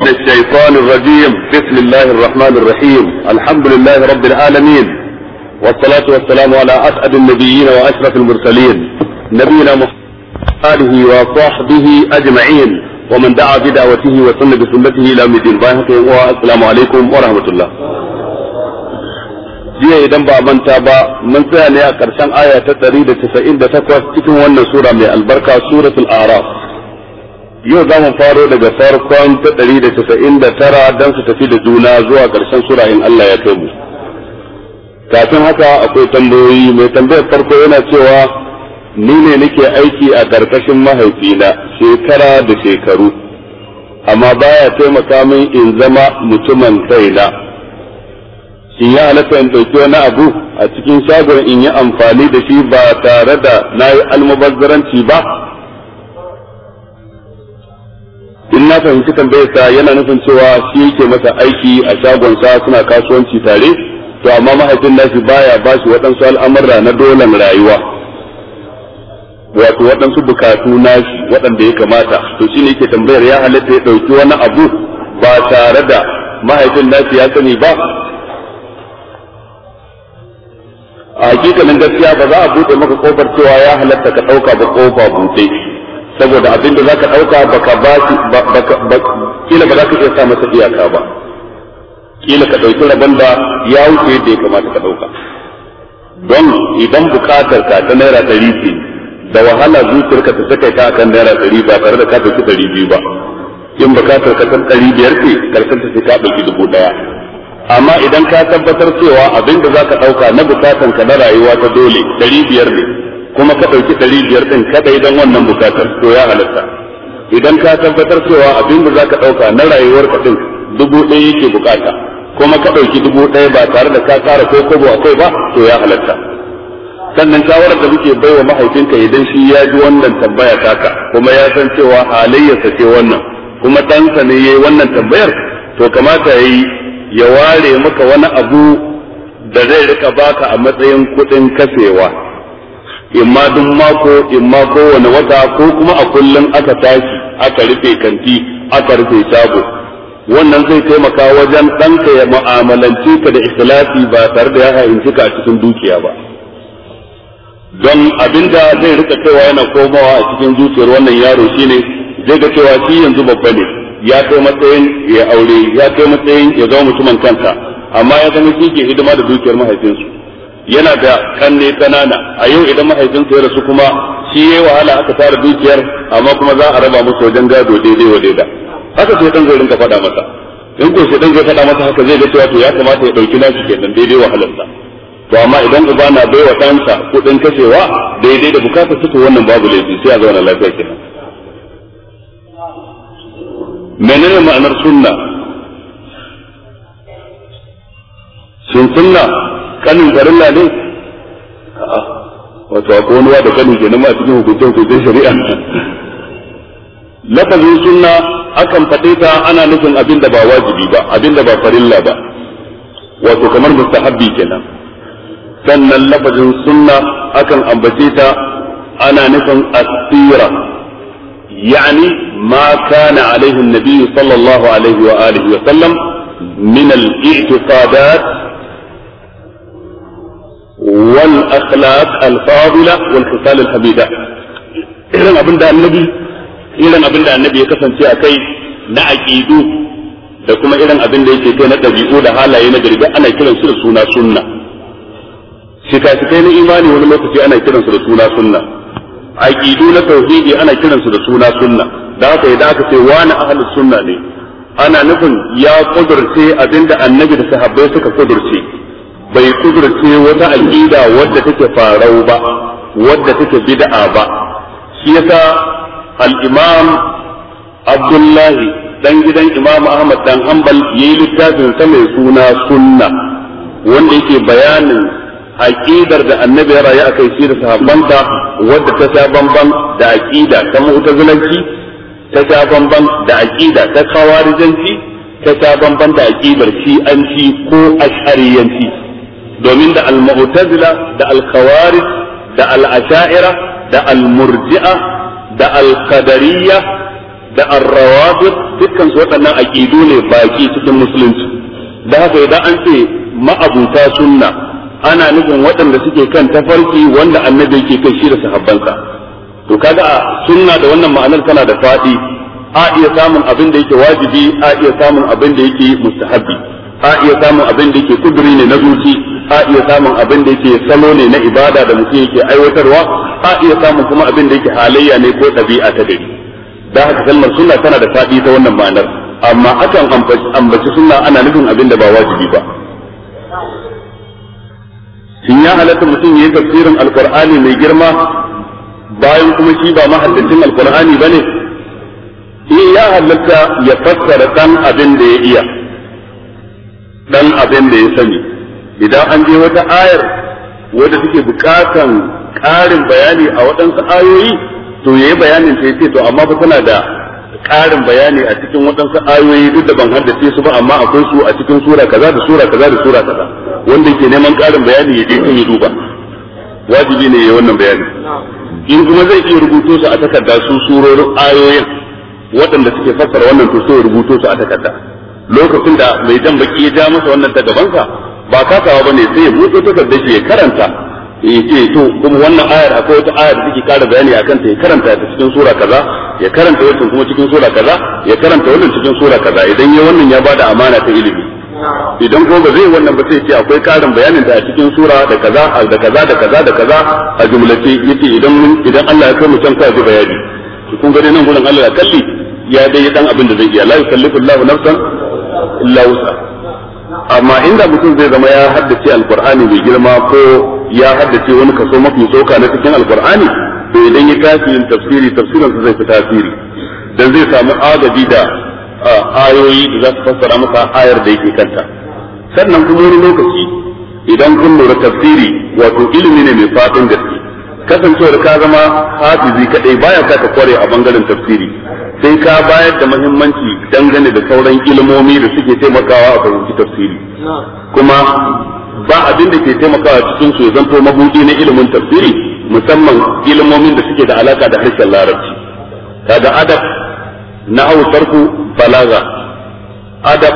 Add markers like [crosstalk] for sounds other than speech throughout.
من الشيطان الرجيم بسم الله الرحمن الرحيم الحمد لله رب العالمين والصلاة والسلام على أسعد النبيين وأشرف المرسلين نبينا محمد آله وصحبه أجمعين ومن دعا بدعوته وسن بسنته إلى يوم الدين والسلام عليكم ورحمة الله جيه idan ba تابا من mun tsaya ne a ƙarshen aya ta 198 cikin wannan sura mai albarka suratul yau za mu faro daga farkon ta ɗari da casa'in da tara don su tafi da juna zuwa ƙarshen sura in Allah ya kai mu. Kafin haka akwai tambayoyi mai tambayar farko yana cewa ni ne nake aiki a ƙarƙashin mahaifina shekara da shekaru, amma baya taimaka min in zama mutumin kaina. In ya halatta in ɗauki wani abu a cikin shagon in yi amfani da shi ba tare da na yi almubazzaranci ba, in na fahimci tambayar sa yana nufin cewa shi yake masa aiki a shagon sa suna kasuwanci tare to amma mahaifin nashi baya ba shi waɗansu al'amura na dolan rayuwa wato waɗansu bukatu nashi waɗanda ya kamata to shi ne yake tambayar ya halitta ya ɗauki wani abu ba tare da mahaifin nashi ya sani ba a hakikalin gaskiya ba za a buɗe maka kofar cewa ya halatta ka ɗauka ba kofa buɗe saboda abin da zaka dauka baka ba shi kila ba za ka iya sa masa iyaka ba kila ka dauki rabon da ya wuce yadda ya kamata ka dauka don idan bukatar ka ta naira ɗari ce da wahala ka ta saka ta akan naira ɗari ba tare da ka dauki ɗari biyu ba in bukatar ka san ɗari biyar ce karshen ta sai ka dauki dubu ɗaya amma idan ka tabbatar cewa abin da za ka dauka na bukatan ka na rayuwa ta dole ɗari biyar ne kuma ka ɗauki ɗari biyar ɗin kaɗai don wannan bukatar to ya halatta idan ka tabbatar cewa abin da za ka ɗauka na rayuwar ka ɗin dubu ɗaya yake bukata kuma ka ɗauki dubu ɗaya ba tare da ka ƙara ko kobo akwai ba to ya halatta sannan shawarar da muke baiwa mahaifinka idan shi ya ji wannan tambaya taka kuma ya san cewa halayyarsa ce wannan kuma ɗansa ne ya yi wannan tambayar to kamata ya ya ware maka wani abu da zai rika baka a matsayin kuɗin kasewa imma duk mako imma kowane wata ko kuma a kullum aka tashi aka rufe kanti aka rufe shago wannan zai taimaka wajen ɗanka ya mu'amalance ka da ikhlasi ba tare da ya hayanci ka a cikin dukiya ba don abinda zai rika cewa yana komawa a cikin zuciyar wannan yaro shine zai ga cewa shi yanzu babba ne ya kai matsayin ya aure ya kai matsayin ya zama mutumin kansa amma ya zama shi ke hidima da dukiyar mahaifinsu yana da kanne kanana a yau idan mahaifinsa ya rasu kuma shi yayi wahala aka tara dukiyar amma kuma za a raba musu wajen gado daidai wa daida haka sai dan zai ka faɗa masa in ko sai dan zai faɗa masa haka zai ga cewa to ya kamata ya dauki nashi kenan daidai wahalar sa to amma idan uba na bai wa ɗansa kuɗin kashewa daidai da bukatar suka wannan babu laifi sai a zauna lafiya kenan menene ma'anar sunna sun sunna kanin farilla ne wato akwai wani wada kanin kenan ma cikin hukuncin hukuncen shari'a lafazin sunna akan faɗe ta ana nufin abin da ba wajibi ba abin da ba farilla ba wato kamar mustahabbi kenan sannan lafazin sunna akan ambace ta ana nufin asira yani ma kana alaihi nabi sallallahu alaihi wa alihi wa sallam min al-i'tiqadat والأخلاق الفاضلة والخصال الحميدة إذن أبن دا النبي إذن أبن دا النبي يكسن شيئا كي نعقيدو da kuma irin abin da yake kai na ɗabi'u da halaye na garbi ana kiran da suna sunna shika-shikai na imani wani lokaci ana kiran da suna sunna aqidu na tauhidi ana kiran da suna sunna da haka idan aka ce wani ahlus sunna ne ana nufin ya kudurce abinda annabi da sahabbai suka kudurce bai kudurce wata aƙida wadda take farau ba wadda take bid'a ba shi yasa al-imam Abdullahi dan gidan Imam Ahmad dan Hanbal yayi littafin sa mai suna sunna wanda yake bayanin aqidar da annabi ya rayu akai shi da sahabbansa wadda ta sha bamban da aqida ta mu'tazilanci ta sha bamban da aqida ta khawarijanci ta sha bamban da aqidar shi'anci ko ash'ariyanci domin da al-mu'tazila da al-khawarij da al-asha'ira da al-murji'a da al-qadariyya da ar-rawafid dukkan su waɗannan aqidu ne baki cikin musulunci da haka idan an ce ma'abuta sunna ana nufin waɗanda suke kan tafarki wanda annabi yake kai shi da sahabbansa to kaga sunna da wannan ma'anar tana da fadi a iya samun abin da yake wajibi a iya samun abin da yake mustahabi a iya samun abin da yake kuduri ne na zuci a iya samun abin da yake salo ne na ibada da mutum yake aiwatarwa a iya samun kuma abin da yake halayya ne ko ɗabi'a ta dai da haka kalmar sunna tana da faɗi ta wannan ma'anar amma akan ambaci sunna ana nufin abin da ba wajibi ba shin ya halatta mutum ya yi tafsirin alkur'ani mai girma bayan kuma shi ba mahaddacin alkur'ani ba ne eh, ya halatta ya fassara dan abin da ya iya dan abin da ya sani idan an je wata ayar wadda take bukatan ƙarin bayani a waɗansu ayoyi to yayi bayanin sai ce to amma fa tana da ƙarin bayani a cikin waɗansu ayoyi duk da ban haddace su ba amma akwai su a cikin sura kaza da sura kaza da sura kaza wanda ke neman ƙarin bayani ya je kan ya duba wajibi ne yayi wannan bayani in kuma zai iya rubuto su a takarda su surorin ayoyin waɗanda suke fassara wannan to sai rubuto su a takarda lokacin da mai jan baki ya ja masa wannan ta gabansa ba kasawa bane sai ya buɗe da shi ya karanta ya ce to kuma wannan ayar akwai wata ayar da take ƙara bayani akan ta ya karanta ta cikin sura kaza ya karanta wannan kuma cikin sura kaza ya karanta wannan cikin sura kaza idan ya wannan ya bada amana ta ilimi idan ko ba zai wannan ba sai ce akwai karin bayanin da a cikin sura da kaza da kaza da kaza da kaza a jumlace yace idan idan Allah ya kai mu can kai bayani kun ga nan gurin Allah ya kalli ya dai dan abin da zai iya la yukallifu Allahu nafsan illa wusa amma inda mutum zai zama ya haddace alkur'ani mai girma ko ya haddace wani kaso mafi tsoka na cikin alkur'ani to idan ya tashi yin tafsiri tafsirin zai fi tasiri dan zai samu adabi da ayoyi da za su fassara masa ayar da yake kanta sannan kuma wani lokaci idan kun lura tafsiri wato ilimi ne mai fadin gaske kasancewar ka zama hafizi kadai baya ka kware a bangaren tafsiri sai ka bayar da muhimmanci dangane da sauran ilmomi da suke taimakawa a fahimci tafsiri kuma ba abin da ke taimakawa cikin su zanto mabudi na ilimin tafsiri musamman ilmomin da suke da alaka da harshen larabci kaga adab na hau tarku balaga adab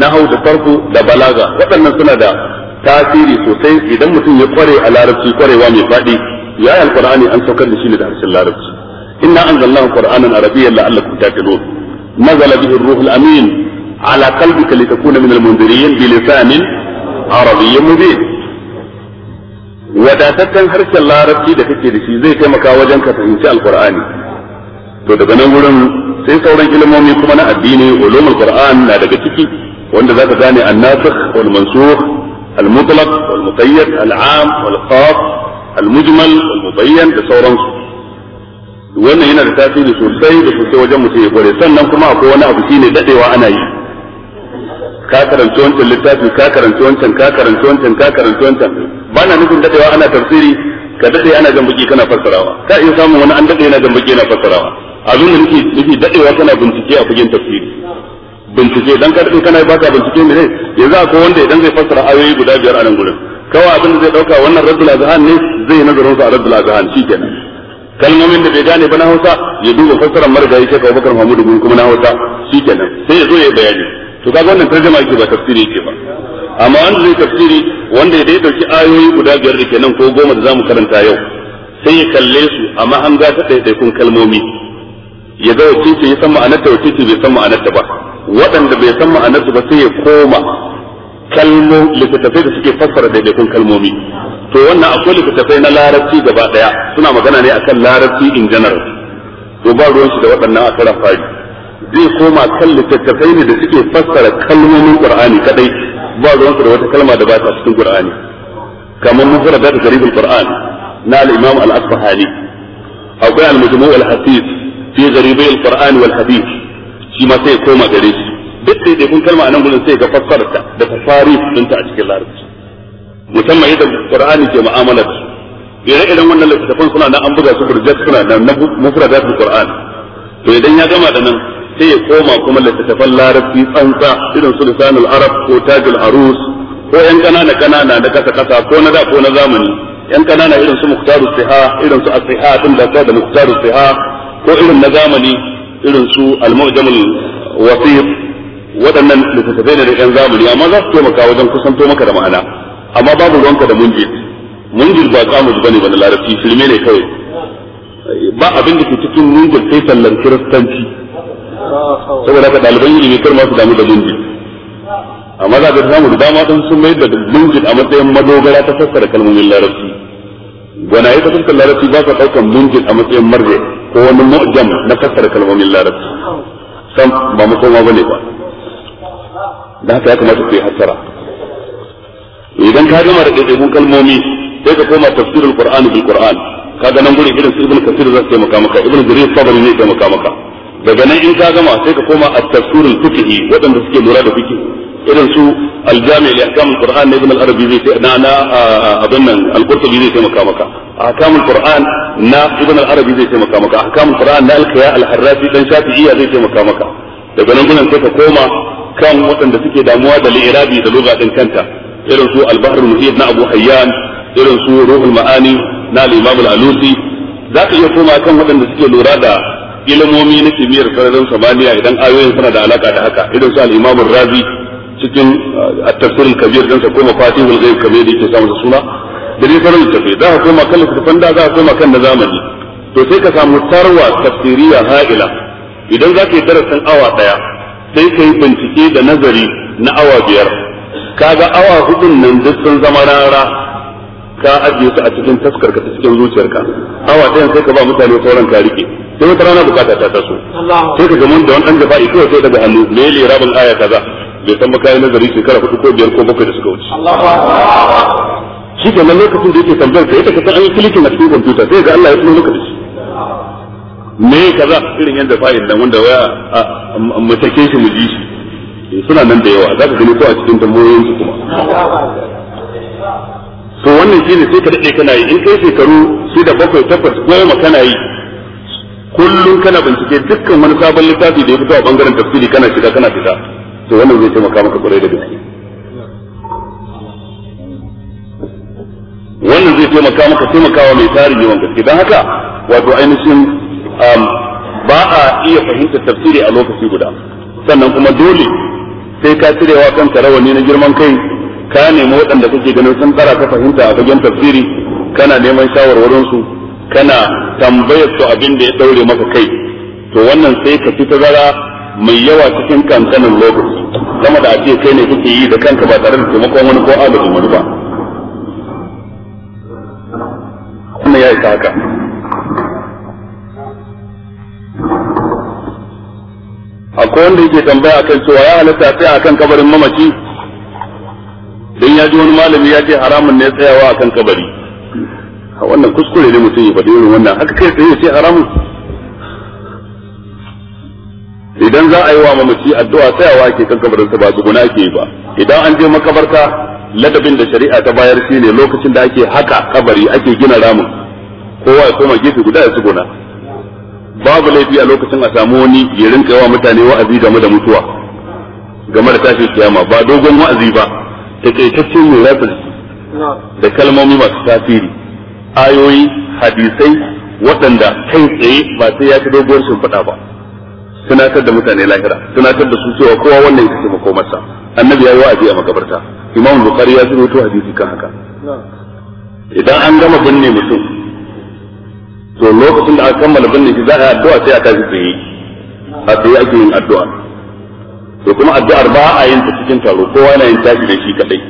na hau da tarku da balaga waɗannan suna da tasiri sosai idan mutum ya kware a larabci kwarewa mai faɗi ya alqur'ani an saukar da shi ne da harshen larabci inna anzalnahu qur'anan arabiyyan la'allakum taqilun nazala bihi ar-ruh al-amin ala qalbika litakuna min al-munzirin bi lisanin arabiyyin mubin wadataccen harshen larabci da kake da shi zai taimaka wajen ka fahimci alqur'ani to daga nan gurin sai sauran ilmomi kuma na addini ulumul qur'an na daga ciki wanda zaka gane an-nasikh wal mansukh al-mutlaq wal muqayyad al-'am wal khas المجمل والمبين al da sauransu wannan yana da tasiri sosai da sosai wajen mutum ya kware sannan kuma akwai wani abu shine dadewa ana yi ka karanci wancan littafi ka karanci wancan ka karanci wancan ka karanci wancan ba na nufin dadewa ana tafsiri ka dade ana jan baki kana fassarawa ka iya samun wani an dade yana jan baki yana fassarawa abin da nufi nufi dadewa kana bincike a fagen tafsiri bincike dan ka dade kana baka bincike ne yanzu akwai wanda idan zai fassara ayoyi guda biyar a nan gurin kawai abin da zai dauka wannan raddul azhan ne zai nazarin sa a raddul azhan shikenan kalmomin da bai gane ba na Hausa ya duba fassarar marigayi Sheikh Abubakar Mahmud bin kuma na Hausa shikenan sai ya zo ya bayani to kaga wannan tarjuma yake ba tafsiri yake ba amma wanda zai tafsiri wanda ya dai dauki ayoyi guda biyar da kenan ko goma da zamu karanta yau sai ya kalle su amma an ga ta daidaikun kalmomi ya ga wacce ya san ma'anar ta wacce bai san ma'anar ta ba waɗanda bai san ma'anar ta ba sai ya koma kalmo littattafai da suke fassara daidaikun kalmomi to wannan akwai littattafai na larabci gaba daya suna magana ne akan larabci in general to ba ruwan shi da waɗannan a karan fari zai koma kan littattafai ne da suke fassara kalmomin qur'ani kadai ba ruwan su da wata kalma da ba ta cikin qur'ani kamar da gharibul qur'ani na al-imam al-asbahani akwai al-majmu' al-hafiz fi gharibi al wal hadith shi ma sai koma gare shi duk da kun kalma a nan gurin sai ga fassarar fassararta da tafarif ta a cikin larabci musamman yadda qur'ani ke mu'amala da su ire idan wannan littattafan suna nan an buga su burjat suna nan na mufradatul qur'ani to idan ya gama da nan sai ya koma kuma littattafan larabci tsantsa irin su lisanul arab ko tajul arus ko yan kanana kanana na kasa kasa ko na da ko na zamani yan kanana irin su muhtaru siha irin su asiha din da ta da muhtaru siha ko irin na zamani irin su al-mu'jamul wasif waɗannan littattafai ne da yan zamani amma za su taimaka wajen kusanto maka da ma'ana amma babu ruwanka da munjir munjir ba kamus ne ba da larabci filme ne kawai ba abin da ke cikin munjir sai sallar kiristanci saboda ka ɗaliban ilimi kar ma su damu da munjir amma za ka samu da dama ɗin sun mai da munjir a matsayin madogara ta fassara kalmomin larabci gwanaye ta fuskar larabci ba ka ɗaukan munjir a matsayin marje ko wani mu'jam na fassara kalmomin larabci sam ba makoma bane ba da haka ya kamata ku yi hattara idan ka gama da ɗaiɗaikun kalmomi sai ka koma tafsirul qur'an bil qur'an kaga nan gurin irin su ibnu kasir zai taimaka maka jarir ne taimaka maka daga nan in ka gama sai ka koma at-tafsirul fiqhi suke lura da irin su li ahkam ibn al-arabi zai na na abin nan al-qurtubi zai taimaka maka ahkam na ibn al-arabi zai taimaka maka ahkam na al al-harrafi dan shafi'i zai taimaka maka daga nan gurin sai ka koma kan waɗanda suke damuwa da lirabi da lugha din kanta irin su albahar bahr na Abu Hayyan irin su ruhul ma'ani na al-Imam alusi za ka iya koma kan waɗanda suke lura da ilimomi na kimiyyar sararin samaniya idan ayoyin suna da alaka da haka irin su al-Imam razi cikin uh, at-tafsir kabir dan sa koma fatihul ghaib kabir da yake samun suna da dai sauran littafai za ka koma kan littafan da za ka koma kan na zamani to sai ka samu tarwa tafsiriya ha'ila idan za ka yi darasin awa ɗaya. sai kai bincike da nazari na awa biyar kaga awa hudun nan duk sun zama rara ka ajiye su a cikin taskar ka ta cikin zuciyarka awa ɗaya sai ka ba mutane sauran ka rike sai wata rana bukata ta taso sai ka gamu da wani ɗan jafa'i kawai sai daga hannu me ya rabin aya kaza bai san ba kayan nazari shekara hudu ko biyar ko bakwai da suka wuce shi kenan lokacin da yake tambayar ka ita ka san an yi kilikin a cikin kwamfuta sai ga Allah ya tuno maka me kaza irin yadda fa'il nan wanda waya a take shi mu ji shi eh, suna nan da yawa zaka gani ko a cikin tambayoyin su kuma to wannan shine sai ka dade kana yi in kai shekaru da bakwai takwas goma kana yi kullum kana bincike dukkan wani sabon littafi da ya fito a bangaren tafsiri kana shiga kana fita to wannan zai taimaka maka kwarai da gaske wannan zai taimaka maka taimakawa mai tarihi wanda gaske don haka wato ainihin ba a iya fahimtar tafsiri a lokaci guda sannan kuma dole sai ka cirewa kanka rawani na girman kai ka nemi waɗanda kake ganin sun tsara ka fahimta a fagen tafsiri kana neman shawarwarinsu kana tambayar su abin da ya ɗaure maka kai to wannan sai ka fi tazara mai yawa cikin kankanin lokaci sama da ake kai ne kake yi da kanka ba tare da taimakon wani ko agajin wani ba wannan ya haka akwai wanda yake tambaya akan cewa ya halatta tsaya akan kabarin mamaci don ya ji wani malami ya ce haramun ne tsayawa akan kabari A wannan kuskure ne mutum ya faɗi irin wannan haka kai tsaye ce haramun idan za a yi wa mamaci addu'a tsayawa ke kan kabarinsa ba su guna yi ba idan an je makabarta ladabin da shari'a ta bayar ne lokacin da ake haka kabari ake gina ramin kowa ya koma gefe guda ya guna babu laifi a lokacin a samu wani ya rinka yawa mutane wa'azi game da mutuwa game da tashin kiyama ba dogon wa'azi ba takaitaccen mai ratsa da kalmomi masu tasiri ayoyi hadisai waɗanda kai tsaye ba sai ya fi dogon sun faɗa ba tunatar da mutane lahira tunatar da su cewa kowa wannan ya ce makomarsa annabi ya yi wa'azi a makabarta imam bukari ya to hadisi kan haka idan an gama binne mutum to lokacin da aka kammala binne shi za a yi addu'a sai a tashi tsaye a tsaye ake yin addu'a to kuma addu'ar ba a yin ta cikin taro kowa yana yin tashi da shi kadai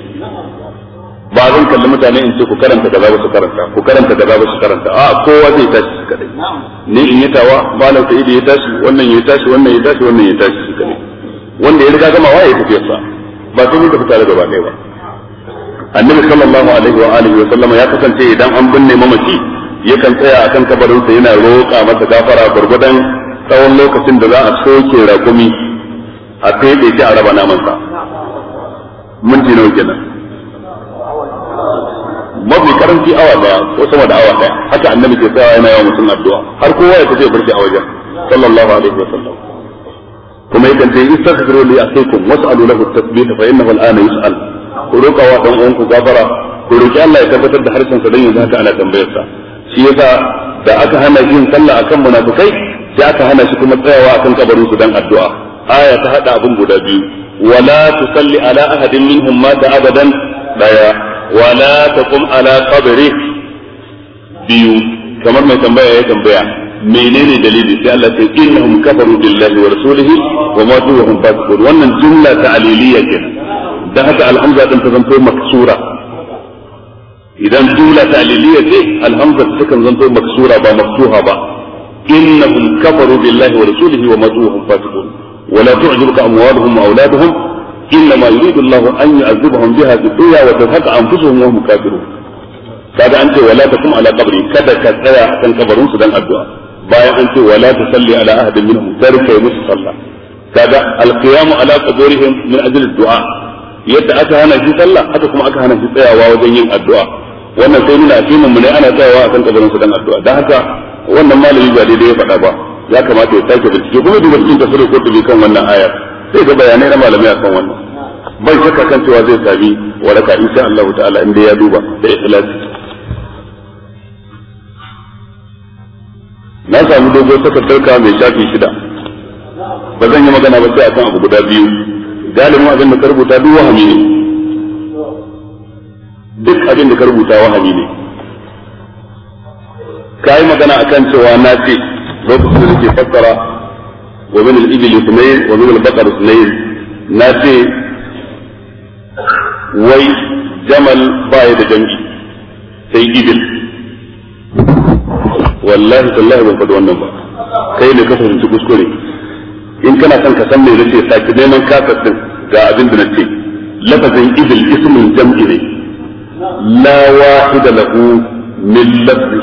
ba zan kalli mutane in ce ku karanta da ba su karanta ku karanta da ba su karanta a kowa zai tashi shi kadai ni in yi tawa malam sa'idu ya tashi wannan ya tashi wannan ya tashi wannan ya tashi shi kadai wanda ya riga gama waye tafiyar sa ba sai mun tafi tare gaba ɗaya ba annabi sallallahu alaihi wa alihi wa sallama ya kasance idan an binne mamaci yakan tsaya akan kabarinsa yana roƙa masa gafara gwargwadon tsawon lokacin da za a soke rakumi a da shi a raba namansa minti nawa kenan mafi karanci awa daya ko sama da awa daya haka annabi ke tsaya yana yawan mutum addu'a har kowa ya tafi barci a wajen sallallahu alaihi wa sallam kuma yakan ce istaghfiru li akhikum was'alu lahu at-tasbih fa innahu al-ana yus'al ku roƙa wa dan uwanku gafara ku roƙi Allah ya tabbatar da harshen sa dan yanzu haka ana tambayar sa shi yasa da aka hana yin sallah akan munafikai sai aka hana shi kuma tsayawa akan kabarin su dan addu'a aya ta hada abun guda biyu wala tusalli ala ahadin minhum mata abadan daya wala taqum ala qabri biyu kamar mai tambaya ya tambaya menene dalili sai Allah sai innahum kafaru billahi wa rasulihi wa ma wa hum fasiqun wannan jumla ta ta'liliya kenan da haka alhamza din ta zanto maksura idan jumla ta'liliya ce alhamza ta kan zanto maksura ba maftuha ba innahum kafaru billahi wa rasulihi wa matuhum fasiqun wa la tu'jibuka amwaluhum wa auladuhum innama yuridu Allah an yu'adhibahum biha fid dunya wa tadhhaqa anfusuhum wa hum kafirun kaga an ce wala takum ala qabri kada ka tsaya kan kabarin su dan addu'a bayan an ce wala tusalli ala ahadin minhum tarka musu sallah kada alqiyamu ala qabrihim min ajli du'a yadda aka hana shi sallah haka kuma aka hana shi tsayawa wajen yin addu'a wannan sai nuna asimin mu ne ana tsayawa akan kabarin su dan addu'a dan haka wannan malami ba daidai ya faɗa ba ya kamata ya sake bincike kuma duba cikin tafsirin Qurtubi kan wannan aya sai ga bayanai na a kan wannan bai shakka kan cewa zai sami waraka insha Allah ta'ala inda ya duba da ikhlasi na samu dogo dalka mai shafi shida ba zan yi magana ba sai kan abu guda biyu galibin abin da ka rubuta duk wahami ne duk abin da ka rubuta wahayi ne ka yi magana akan cewa na ce lokacin da fassara wa min al-ibil sunayn wa min al-baqar sunayn na ce wai jamal baya da jam'i sai ibil wallahi ban faɗi wannan ba kai ne ka fahimci kuskure in kana son ka san me nace saki neman kafas din ga abin da lafazin ibil ismun jam'i ne لا واحد له من لفظه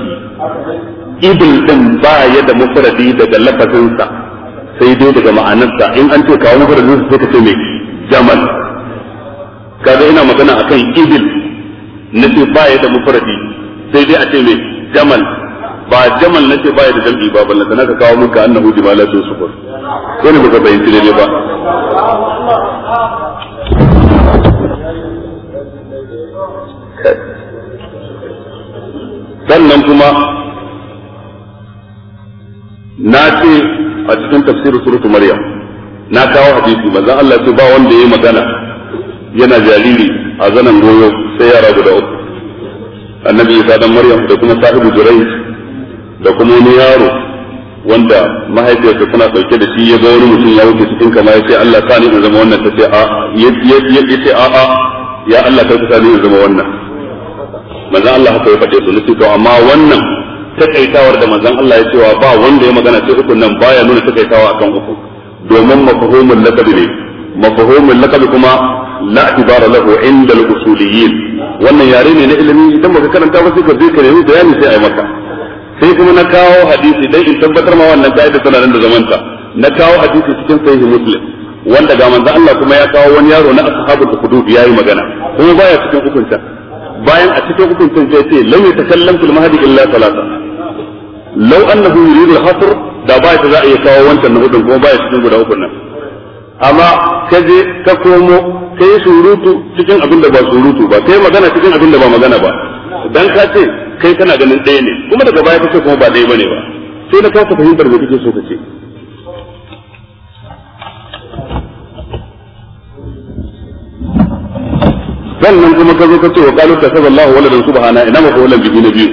ibn din ba ya da mufradi daga lafazinsa sai dai daga ma'anarsa in an ce kawo mufradin sai ka ce mai jamal kaga ina magana akan ibil na ce ba ya da mufradi sai dai a ce mai jamal ba jamal na ce ba ya da jam'i ba balla sana ka kawo muka annahu su su ko ne baka bayyana ne ba sannan kuma na ce a cikin tafsirin suratu maryam na kawo hadisi manzo Allah ce ba wanda yayi magana yana jariri a zanan goyo sai yara guda uku annabi Isa dan Maryam da kuma sahibu jurai da kuma wani yaro wanda mahaifiyarsa tana dauke da shi ya ga wani mutum ya wuce cikin kama ya ce Allah sani in zama wannan ta ce a ya ce a a ya Allah ka ta ni in zama wannan manzon Allah haka ya faɗe su nace to amma wannan takaitawar da manzon Allah ya cewa ba wanda ya magana sai uku nan baya nuna takaitawa akan uku domin mafhumul lakabi ne mafhumul lakabi kuma la ibara lahu inda al-usuliyyin wannan yare ne na ilimi idan baka karanta ba sai ka je ka nemi bayani sai ai maka sai kuma na kawo hadisi dai in tabbatar ma wannan kaida tana nan da zamanta na kawo hadisi cikin sahihi muslim wanda ga manzo Allah kuma ya kawo wani yaro na ashabul hudud yayi magana kuma baya cikin hukunta bayan a cikin hukuncin sai ce lam yatakallam fil mahdi illa salata law annahu yurid al hasr da ba ta za a iya kawo wancan na hudun kuma ba ya cikin guda ukun nan amma ka je ka komo kai surutu cikin abin da ba surutu ba kai magana cikin abin da ba magana ba dan ka ce kai kana ganin ɗaya ne kuma daga baya kace kuma ba ɗaya bane ba sai na kasa fahimtar me kake so ka ce sannan kuma ka zo ka ce wa qalu ta sallallahu waladan subhana ina ma qawlan bihi nabiyyu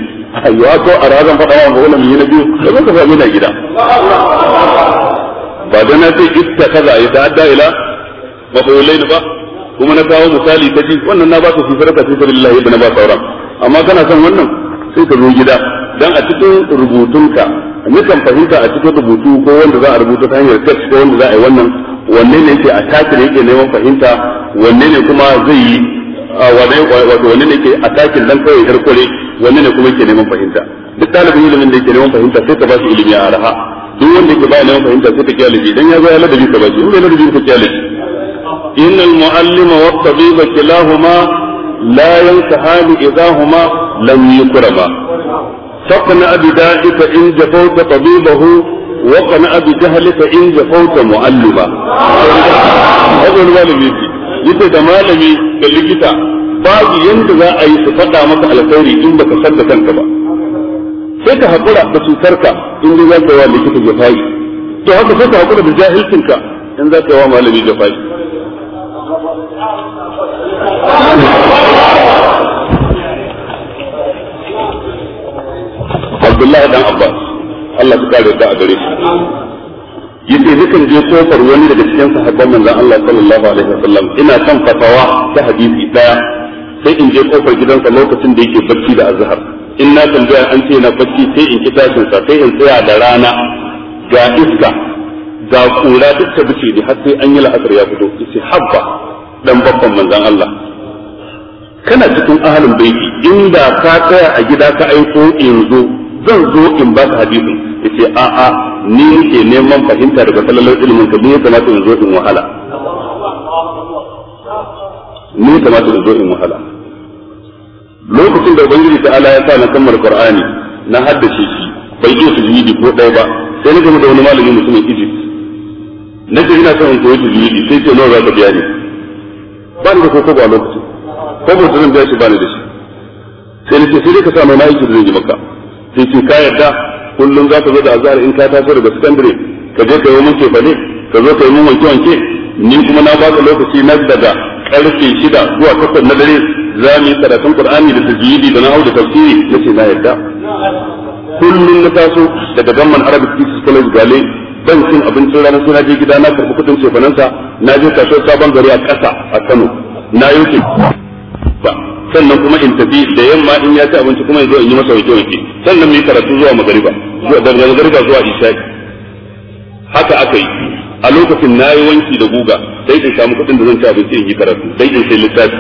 aywa ko a razan fada wa qawlan bihi nabiyyu da zo ka sami na gida ba da na ce ita ka za a ittakaza ya ta'adda ila maqawlain ba kuma na kawo misali ta ji wannan na ba su fi farka fi sabilillah yadda na ba sauran amma kana son wannan sai ka zo gida dan a cikin rubutunka kan fahimta a cikin rubutu ko wanda za a rubuta ta hanyar text ko wanda za a yi wannan wanne ne yake a ne yake neman fahimta wanne ne kuma zai yi Ah, wato wani ne ke atakin dan kawai a kore wani ne kuma ke neman fahimta duk talibin ilimin da yake neman fahimta sai ta ba su ilimi a araha duk wanda yake ba neman fahimta sai ka kyalabi dan ya zo ya ladabi ta ba shi in ladabi ka kyalabi إن المعلم والطبيب كلاهما لا ينتهان إذا هما لم يكرما فاقنع بدائك إن جفوت طبيبه وقنع بجهلك إن جفوت معلما. هذا الوالد يجي. يجي malami. da likita babu yanda za a yi su faɗa maka alkhairi in baka san da kanka ba sai ka haƙura da cutarka in dai za ka wa likita jafai to haka sai ka haƙura da jahilcinka in za ka wa malami jafai Abdullahi dan Abbas Allah su kare da a gare shi yace dukan je kofar wani daga cikin sahabban manzon Allah sallallahu alaihi wasallam ina kan fatawa ta hadisi daya sai in je kofar gidansa lokacin da yake barci da azhar in na tambaya an ce na barci sai in kita sa sai in tsaya da rana ga iska ga kura duk ta bice da har sai an yi la'asar ya fito yace habba dan babban manzon Allah kana cikin ahalin baiti inda ka tsaya a gida ka aiko in zo zan zo in ba ka hadisin yace a'a ni yake neman fahimta daga talalar ilimin ka ni ya kamata in zo in wahala ni ya kamata in zo in wahala lokacin da ubangiji ta ala ya sa na kammar qur'ani na haddace shi bai iya sujudi ko ɗaya ba sai na gama da wani malami mutumin egypt na ce ina son in koyi sujudi sai ce nawa za ka biya ni ba ni da koko ba lokacin ko ba zan biya shi ba ni da shi sai na ce sai dai ka sa mai na aiki da zan yi maka sai ce ka yarda kullum za ka zo da azhar in ka taso daga sakandare ka je ka yi mun kefale ka zo ka yi mun wanke wanke ni kuma na ba ka lokaci na daga karfe shida zuwa takwas na dare za mu yi karatun qur'ani da tajwidi da nahwu da tafsiri ce na yadda. kullum na taso daga gamman arabic teachers college gale ban cin abincin rana sai na je gida na karɓi kuɗin cefanansa na je kasuwar sabon gari a ƙasa a kano na yi ba sannan kuma in tafi da yamma in ya ci abinci kuma in zo in yi masa wanke wanke sannan mu yi karatu zuwa magariba zuwa daga magariba zuwa isha'i haka aka yi a lokacin na yi wanki da guga sai in samu kuɗin da zan ci abinci in yi karatu sai in sai littafi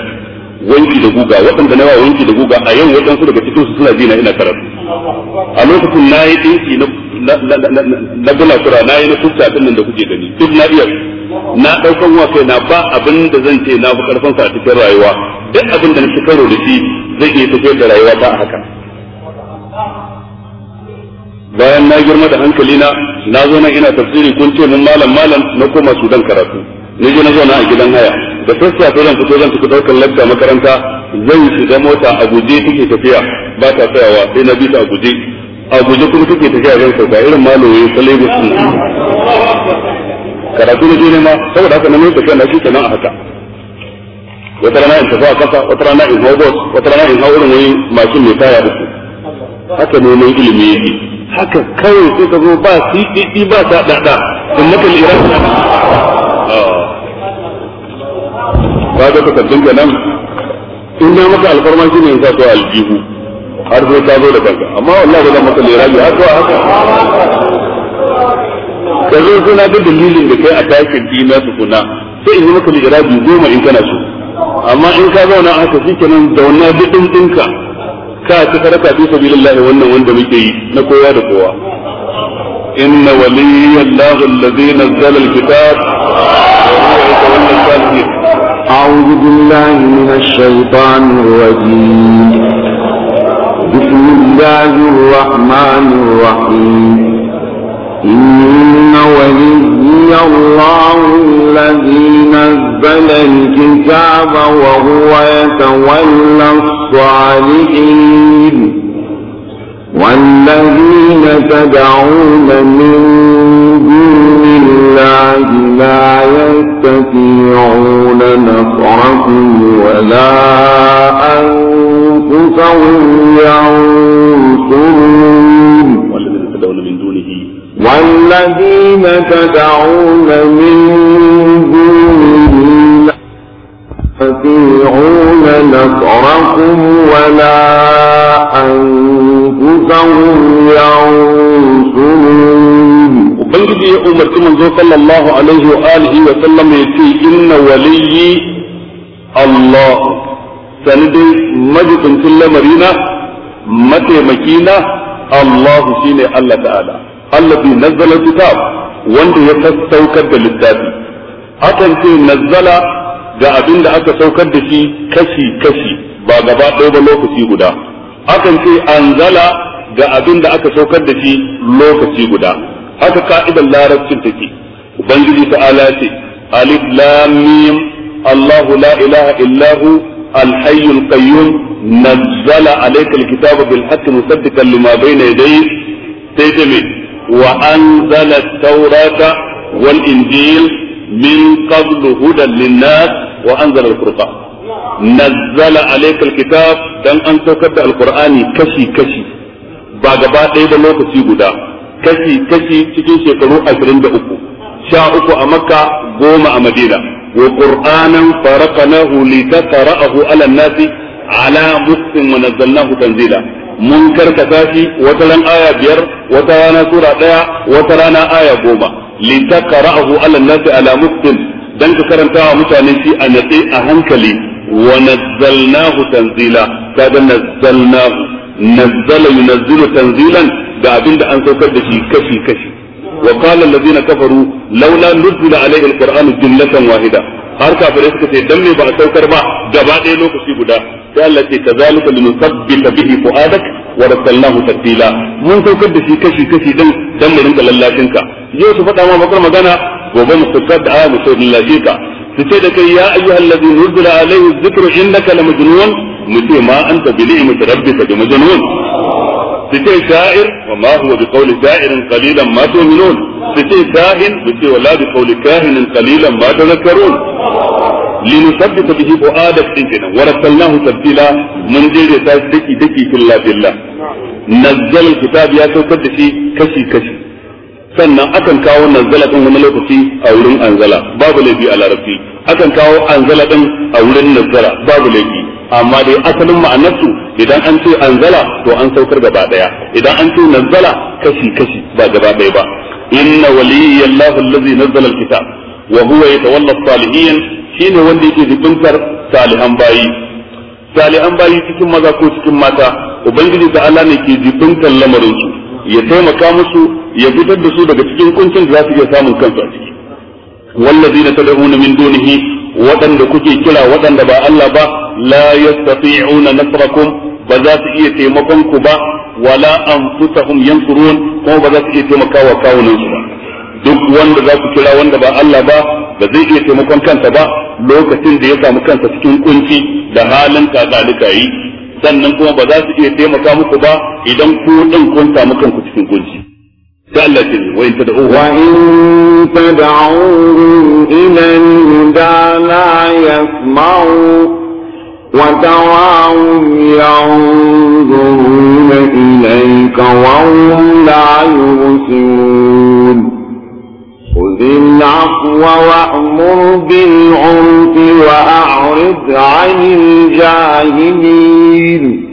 wanki da guga waɗanda na yi wanki da guga a yau waɗansu daga cikin su suna bi na ina karatu a lokacin na yi ɗinki na kura na yi na na ɗin da kuke gani duk na iya na ɗaukan wa kai na ba abin da zan ce na fi karfin sa a cikin rayuwa duk abin da na karo da shi zai iya tafiyar da rayuwa ta haka bayan na girma da hankali na na zo nan ina tafsiri kun ce mun malam malam na koma sudan karatu ni je na zo na a gidan haya da to zan fito zan fito daukan labda makaranta zan shiga mota a guje take tafiya ba ta tsayawa sai na bi ta a guje a guje kuma take tafiya zan sauka irin malowe salai karatu na jini ma saboda haka na nuna tafiya na shi kenan a haka wata rana in tafi a kasa wata rana in hau bus wata rana in hau irin wani mashin mai taya uku haka neman ilimi yake haka kawai sai ka zo ba cdd e e, ba ta dada in maka lira ah. ka ga takardun ka nan in na maka alfarma shi ne in sa to aljihu har sai ka zo da kanka amma wallahi ba zan maka lira ya haka haka yanzu sai na ga dalilin da kai a takin na tsuna sai in yi maka ligarabi goma in kana so amma in ka zauna haka da wannan dukkan dinka ka ci karaka bi sabilillah wannan wanda muke yi na koya da kowa inna waliyallahu alladhi nazzala alkitab أعوذ بالله من الشيطان الرجيم بسم الله الرحمن الرحيم إن ولي الله الذي نزل الكتاب وهو يتولى الصالحين والذين تدعون من دون الله لا يستطيعون نصركم ولا أنفسهم ينصرون والذين تدعون من دونه يستطيعون نصركم ولا أنفسهم ينصرون وبنجي أمرت منذ صلى الله عليه وآله وسلم يتي إن ولي الله سندي مجد في المرينة متى مكينة الله سيني الله تعالى allazi nazzala kitab wanda ya saukar da littafi akan ce nazzala ga abin da aka saukar da shi kashi kashi ba gaba ɗaya ba lokaci guda akan ce anzala ga abin da aka saukar da shi lokaci guda haka ka'idar larabcin take ubangiji ala ce alif lam mim الله لا إله إلا هو الحي القيوم نزل عليك الكتاب بالحق مصدقا لما بين يديه تجمل وأنزل التوراة والإنجيل من قبل هدى للناس وأنزل الفرقان نزل عليك الكتاب دان أن تكتب القرآن كشي كشي بعد بعد أيضا لو تسيبدا كشي كشي تجي شكرو أشرين بأكو شاء أكو أمكا قوم أمدينة وقرآنا فرقناه لتقرأه على الناس على مسلم ونزلناه تنزيلا mun karkata shi wata ran aya biyar wata rana sura daya wata rana aya goma litaqra'ahu 'ala an-nasi 'ala muktin dan ka karanta wa mutane shi a natsi a hankali wa nazzalnahu tanzila kaga nazzalnahu nazzala yunazzilu tanzilan da abinda an saukar da shi kashi kashi وقال kafaru laula لولا نزل عليه القرآن جملة wahida. har kafirai suka ce dan me ba a saukar ba gaba ɗaya lokaci guda sai Allah ce kazalika linusabbita bihi fuadak wa rasallahu tartila mun saukar da shi kashi kashi din dan mu rinka lallashin ka yau su faɗa ma bakar magana gobe mu saukar da aya mu so ka su ce da kai ya ayyuhal ladhi nuzila alayhi dhikru innaka lamajnun mu ce ma anta bi ni'mati rabbika bi majnun su ce sha'ir wa ma huwa bi qawli sha'irin qalilan ma tu'minun su ce kahin su ce wala bi qawli kahinin qalilan ma tadhakkarun linusabbita bihi fu'adak din kenan wa rasalnahu tabdila mun dire ta daki daki filla filla nazzal kitab ya saukar da shi kashi kashi sannan akan kawo nazzala din wani lokaci a wurin anzala babu laifi a larabci akan kawo anzala ɗin a wurin nazzala babu laifi amma dai asalin ma'anarsu idan an ce anzala to an saukar gaba daya idan an ce nazzala kashi kashi ba gaba daya ba inna waliyyi Allahu allazi nazzala alkitab wa huwa yatawalla salihin shine wanda yake zubuntar salihan bayi salihan bayi cikin maza ko cikin mata ubangiji da Allah ne ke zubuntar lamarin su ya taimaka musu ya fitar da su daga cikin kuncin da za su iya samun kansu a ciki wallazina tad'una min dunihi waɗanda kuke kira waɗanda ba Allah ba la yastati'una nasrakum ba za su iya taimakon ku ba wala anfusahum yansurun kuma ba za su iya taimakawa kawunan su ba duk wanda za ku kira wanda ba Allah ba ba zai iya taimakon kansa ba lokacin da ya samu kansa cikin kunci da halin kakalika yi sannan kuma ba za su iya taimaka muku ba idan ku din kun samu kanku cikin kunci sai Allah ce wa in tad'u wa in tad'u ila yasma'u وتراهم ينظرون إليك وهم لا يبصرون خذ العفو وأمر بالعنف وأعرض عن الجاهلين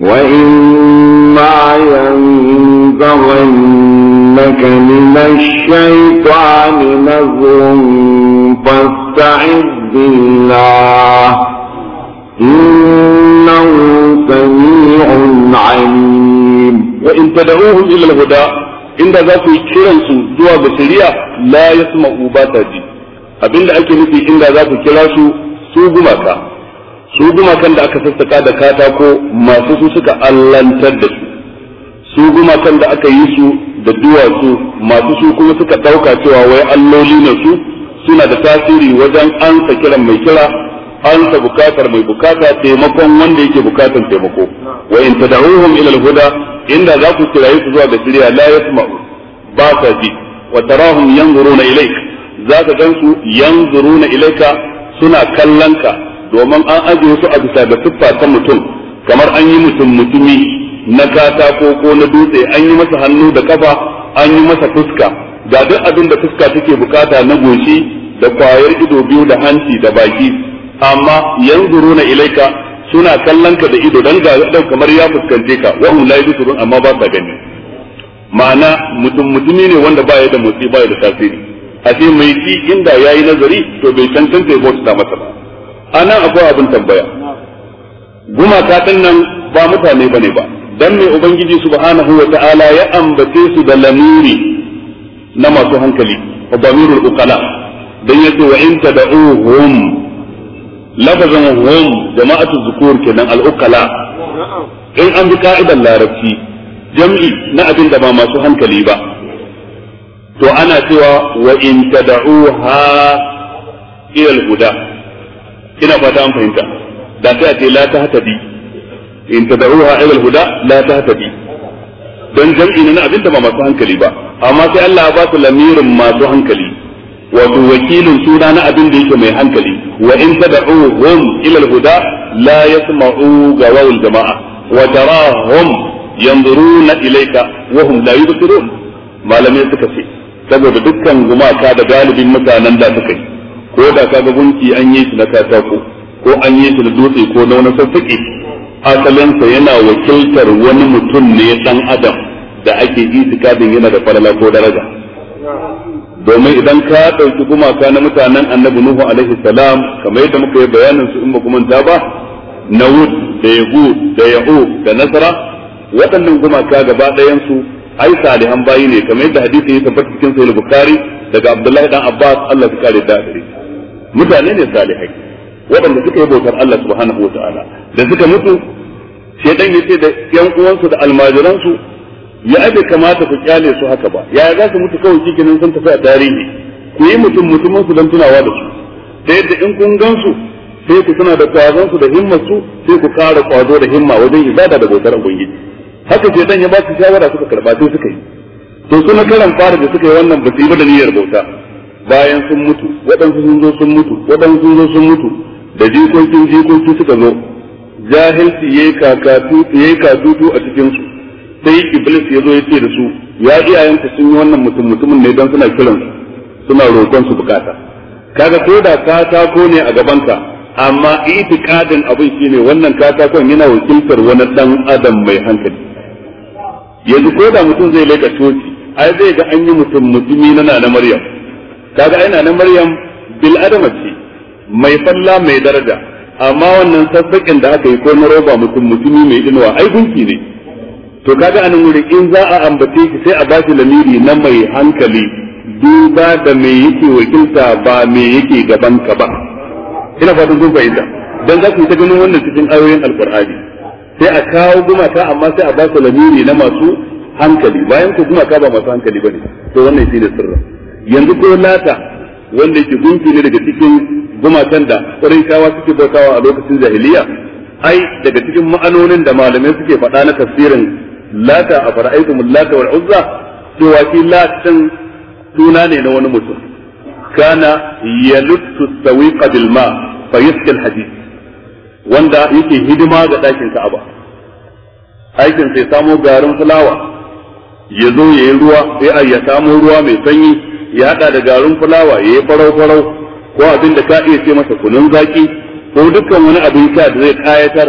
وإما ينزغنك من الشيطان نزغ فاستعذ بالله إنه سميع عليم وإن تدعوهم إلى الهدى إن ذاك كيران سو زوا بشريعة لا يسمعوا باتا جي abin da ake nufi inda za ku kira su su gumaka su gumakan da aka sassaka da katako masu su suka allantar da su su gumakan da aka yi su da duwatsu masu su kuma suka ɗauka cewa wai alloli na su suna da tasiri wajen ansa kiran mai kira hansa bukatar mai bukata taimakon wanda yake bukatar taimako wa in tad'uhum ila al-huda inda za ku kira su zuwa ga shirya la yasma'u ba ka ji wa tarahum yanzuruna ilayk za ka gansu yanzuruna ilayka suna kallanka domin an ajiye su a bisa ga tuffa mutum kamar an yi mutum mutumi na katako ko na dutse an yi masa hannu da kafa an yi masa fuska ga duk abin da fuska take bukata na goshi da kwayar ido biyu da hanci da baki amma na ilaika suna kallon ka da ido dan ga dan kamar ya fuskance ka wa hum la yubsirun amma ba ka gani ma'ana mutum mutumi ne wanda ba ya da motsi ba ya da tasiri a ce mai ki inda yayi nazari to bai tantance ya bauta masa ba anan akwai abin tambaya gumaka din nan ba mutane bane ba dan mai ubangiji subhanahu wa ta'ala ya ambace su da lamiri na masu hankali wa damirul uqala dan yace wa in tad'uhum lafazin hum jama'atu zukur kenan al-uqala in an bi ka'idar larabci jam'i na abin da ba masu hankali ba to ana cewa wa in tad'uha ila al-huda ina fata an fahimta da sai a ce la tahtadi in tad'uha ila al-huda la tahtadi dan jam'i na abin da ba masu hankali ba amma sai Allah ya ba su lamirin masu hankali wato wakilin suna na abin da yake mai hankali wa in tad'uhum ila al-huda la yasma'u gawal jama'a wa tarahum yanzuruna ilayka wa hum la yubsirun malamai suka ce saboda dukkan gumaka da galibin mutanen da suka yi ko da kaga gunki an yi shi na katako ko an yi shi da dutse ko na wani asalinsa yana wakiltar wani mutum ne dan adam da ake itikadin yana da falala ko daraja domin idan ka ɗauki gumaka na mutanen annabi nuhu alaihi salam kamar yadda muka yi bayanin su in kuma kuma ba na wud da yagu da ya'u da nasara waɗannan gumaka gaba ɗayan su ai salihan bayi ne kamar yadda hadisi ya tabbata cikin sahih bukhari daga abdullahi dan abbas Allah ya kare da gare mutane ne salihai waɗanda suka yi bautar Allah subhanahu wataala da suka mutu shedan ya ce da yan uwansu da almajiransu ya abe kamata ku kyale su haka ba yaya za su mutu kawai cikin sun tafi a tarihi ku yi mutum mutumin su don tunawa da su Da yadda in kun gan su sai ku tuna da kwazon su da himmar su sai ku kara kwazo da himma wajen ibada da bautar ubangiji haka ce dan ya ba su shawara suka karba sai suka yi to su na karan fara da suka yi wannan ba su yi ba da niyyar bauta bayan sun mutu waɗansu sun zo sun mutu waɗansu sun zo sun mutu da jikokin jikoki suka zo jahilci yayi kakatu yayi a cikin su sai iblis ya zo ya ce da su ya iyayenku sun yi wannan mutum mutumin ne don suna kiran suna roƙon su bukata kaga ko da katako ne a gabanka amma itikadin abin shine wannan katakon yana wakiltar wani dan adam mai hankali yanzu ko da mutum zai leka coci ai zai ga an yi mutum mutumi na na maryam kaga ai na maryam bil adama ce mai falla mai daraja amma wannan sassaƙin da aka yi ko na roba mutum mutumi mai inuwa ai gunki ne to kaga anan wuri in za a ambace shi sai a ba shi lamiri na mai hankali duba da me yake wakilta ba me yake gaban ka ba ina fatan kun fahimta dan za ku ta ganin wannan cikin ayoyin alqur'ani sai a kawo gumaka amma sai a ba su lamiri na masu hankali bayan ku gumaka ba masu hankali bane to wannan shine sirra yanzu ko lata wanda yake gunki ne daga cikin gumakan da kawa suke bautawa a lokacin jahiliya ai daga cikin ma'anonin da malamai suke faɗa na tafsirin lata a fara'aikum lata wal uzza cewa shi latin suna ne na wani mutum kana yaluttu sawiqa bil ma fa yasqi al wanda yake hidima ga dakin Ka'aba aikin sai samo garin fulawa ya zo ya yi ruwa ya ya samo ruwa mai sanyi ya hada da garin fulawa ya yi farau farau ko abin da ka iya ce masa kunun zaki ko dukkan wani abin sha da zai kayatar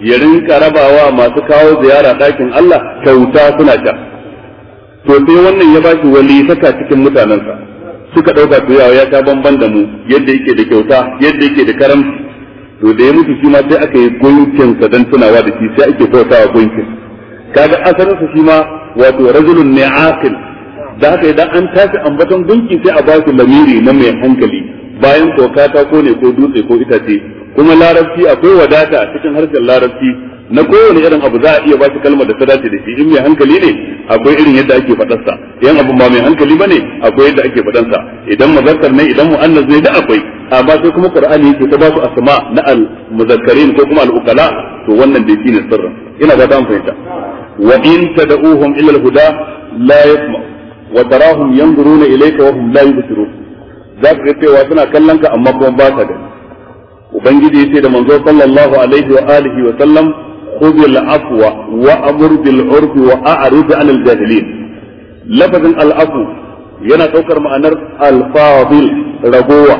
ya rinka rabawa masu kawo ziyara ɗakin Allah kyauta suna sha to sai wannan ya wali saka cikin mutanensa suka ɗauka to yawa ya ta bamban da mu yadda yake da kyauta yadda yake da karamci to da ya mutu shi ma sai aka yi gunkin sa dan tunawa da shi sai ake bautawa gunkin kaga asalin sa shi ma wato rajulun ni'aqil da haka idan an tashi ambaton gunki sai a ba lamiri na mai hankali bayan ko katako ne ko dutse ko itace kuma larabci akwai wadata cikin harshen larabci na kowane irin abu za a iya bashi kalmar da ta dace da shi in mai hankali ne akwai irin yadda ake faɗar yan abu ba mai hankali bane akwai yadda ake faɗar idan muzakkar ne idan muannas ne da akwai amma sai kuma qur'ani yake ta ba su asma na al muzakkarin ko kuma al ukala to wannan dai shine sirri. ina ba ta fahimta wa in tad'uhum ila al huda la yasma wa tarahum yanzuruna ilayka wa hum la yubsirun zaka ga cewa suna kallon ka amma kuma ba ka gani ubangiji yace da manzo sallallahu alaihi wa alihi wa sallam khudh al-afwa wa amur bil urf wa a'rid 'an al-jahilin lafazin al-afw yana daukar ma'anar al-fadil ragowa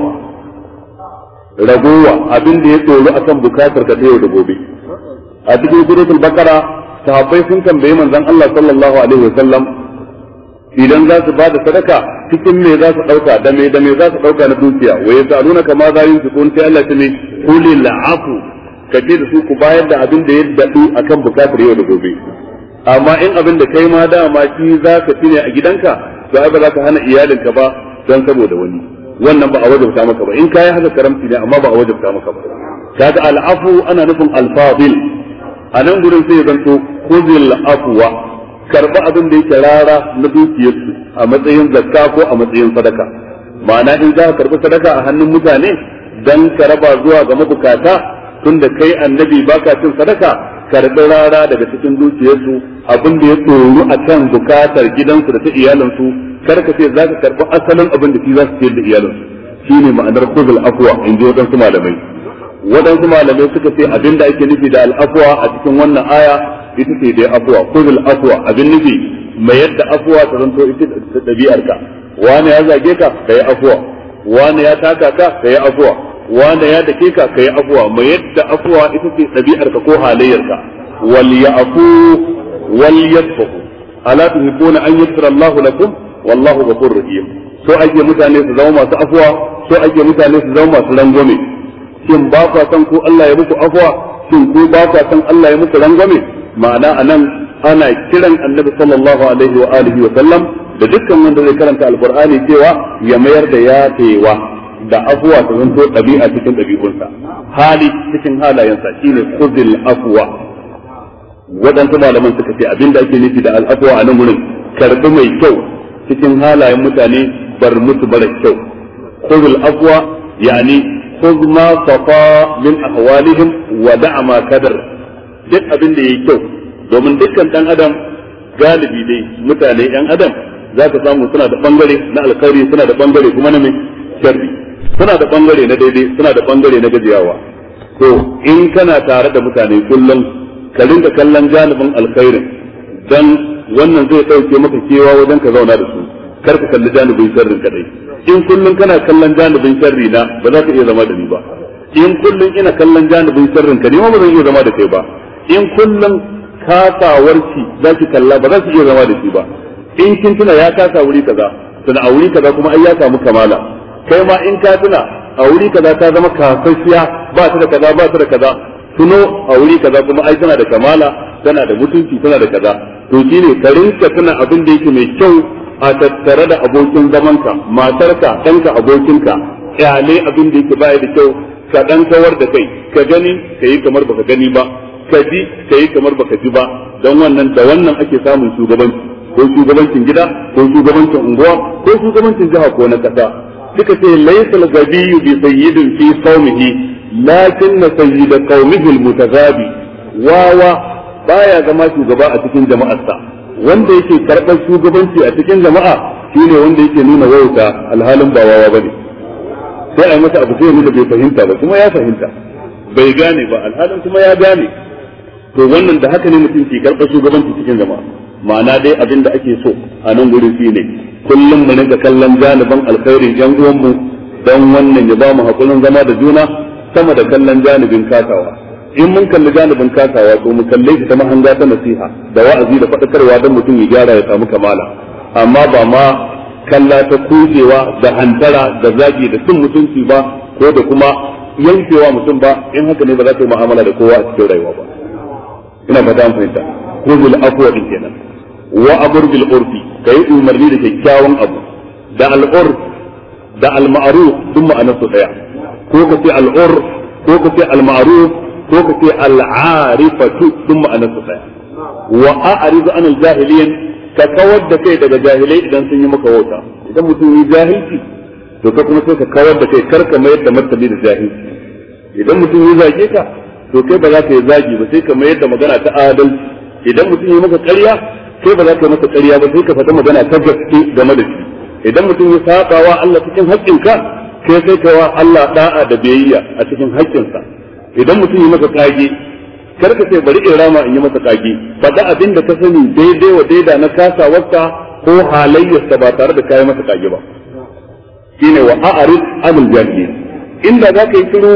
ragowa abin da ya tsoro akan bukatar ka yau da gobe a cikin suratul baqara sahabbai sun tambayi manzon Allah sallallahu alaihi wa sallam idan za su ba da sadaka cikin me za su ɗauka da me da me za su ɗauka na dukiya wa yasaluna kama za yunfiqun sai Allah ta ne la'afu? Ka je da su ku bayar da abin da ya dadu akan bukatar yau da gobe amma in abin da kai ma dama shi za ka ne a gidanka to ai ba za ka hana iyalinka ba don saboda wani wannan ba a wajabta maka ba in ka yi haka karamci ne amma ba a wajabta maka ba kaga al'afu ana nufin alfadil a nan gurin sai zanto kuzil afwa karɓi abin da yake rara na dukiyarsu a matsayin zakka ko a matsayin sadaka ma'ana in za ka karɓi sadaka a hannun mutane dan ka raba zuwa ga mabukata tunda kai annabi baka cin sadaka karbi rara daga cikin dukiyarsu abin da ya tsoro a kan bukatar gidansu da ta iyalansu kar ka ce za ka karɓi asalin abin da shi za su ciyar da iyalansu ne ma'anar kuzul afuwa in ji waɗansu malamai waɗansu malamai suka ce abin da ake nufi da al'afuwa a cikin wannan aya ita ce dai afuwa kuzul afuwa abin nufi mai yadda afuwa ta zanto ita ta ɗabi'arka wani ya zage ka ka yi afuwa wani ya taka ka ka yi afuwa wani ya dake ka ka yi afuwa mai yadda afuwa ita ce ɗabi'arka ko halayyarka wal ya afu wal yasfahu ala tuhibbuna an yaghfira Allahu lakum wallahu ghafurur rahim so ake mutane su zama masu afuwa so ake mutane su zama masu rangwame shin ba ka san ko Allah ya muku afuwa shin ku ba ka san Allah ya muku rangwame ma'ana anan ana kiran annabi sallallahu alaihi wa alihi wa sallam da dukkan wanda zai karanta alqur'ani cewa ya mayar da yafewa da afuwa ta zanto ɗabi'a cikin ɗabi'unsa hali cikin halayensa shine kuzil afuwa waɗansu malaman suka ce da ake nufi da al'afuwa a nan wurin karɓi mai kyau cikin halayen mutane bar musu mara kyau kuzil afuwa yani خذ ما min من أحوالهم ودع ما duk abin da yi kyau domin dukkan dan adam galibi dai mutane yan adam za ka samu suna da bangare na alkhairi suna da bangare kuma na mai sharri suna da bangare na daidai suna da bangare na gajiyawa to in kana tare da mutane kullum ka rinka kallon janibin alkhairin dan wannan zai ɗauke maka kewa wajen ka zauna da su kar ka kalli janibin sharrin kadai in kullum kana kallon janibin sharri na ba za ka iya zama da ni ba in kullum ina kallon janibin sharrin ka ne ma ba zan iya zama da kai ba in kullum kasawarki za ki kalla ba za ki iya zama da shi ba in kin tuna ya kasa wuri kaza tuna a wuri kaza kuma ai ya samu kamala kai ma in ka tuna a wuri kaza ta zama kasasiya ba ta da kaza ba ta da kaza tuno a wuri kaza kuma ai tana da kamala tana da mutunci tana da kaza to shine ka rinka tuna abin da yake mai kyau a tattare da abokin zamanka matarka ɗanka abokinka kyale abin da yake baya da kyau ka dan kawar da kai ka gani ka kamar baka gani ba ka ji ka yi kamar baka ji ba don wannan da wannan ake samun shugabanci ko shugabancin gida ko shugabancin unguwa ko shugabancin jiha ko na kasa suka ce laysa al-ghabiyyu bi sayyidin fi qaumihi lakinna sayyida qaumihi al-mutaghabi wawa baya zama shugaba a cikin jama'arsa wanda yake karɓar shugabanci a cikin jama'a shine wanda yake nuna wauta alhalin ba wawa bane sai a yi masa abu sai da bai fahimta ba kuma ya fahimta bai gane ba alhalin kuma ya gane to wannan da haka ne mutum ke karɓar shugabanci cikin zama ma'ana dai abin da ake so a nan gurin shi ne kullum mu rinka kallon janiban alkhairin yan uwanmu don wannan ya ba mu hakurin zama da juna sama da kallon janibin kasawa in mun kalli janibin kasawa to mu kalle shi ta mahanga ta nasiha da wa'azi da faɗakarwa don mutum ya gyara ya samu kamala amma ba ma kalla ta kucewa da hantara da zagi da cin mutunci ba ko da kuma yankewa mutum ba in haka ne ba za ka yi mu'amala da kowa a cikin rayuwa ba ina fata an fahimta ko bil afwa din kenan wa amur bil urfi kai umarni da kyakkyawan abu da al urf da al ma'ruf duk ma'anar su daya ko ka ce al urf ko ka ce al ma'ruf ko ka ce al arifatu duk ma'anar su daya wa a'rid an al jahiliyin ka kawar da kai daga jahilai idan sun yi maka wauta idan mutum yi jahilci to ka kuma sai ka kawar da kai karka ka mayar da martani da jahilci idan mutum ya zage ka to kai ba za ka yi zagi ba sai ka mayar da magana ta adalci idan mutum ya maka ƙarya kai ba za ka yi masa ƙarya ba sai ka faɗa magana ta gaske game da shi idan mutum ya saba wa Allah cikin haƙƙinka kai sai ka wa Allah da'a da biyayya a cikin haƙƙinsa idan mutum ya maka kage kar ka ce bari in rama in yi masa kage faɗa abin da ka sani daidai wa daida na kasawarsa ko halayyarsa ba tare da kayan masa kage ba shine wa a'rid anil jahilin inda za ka yi shiru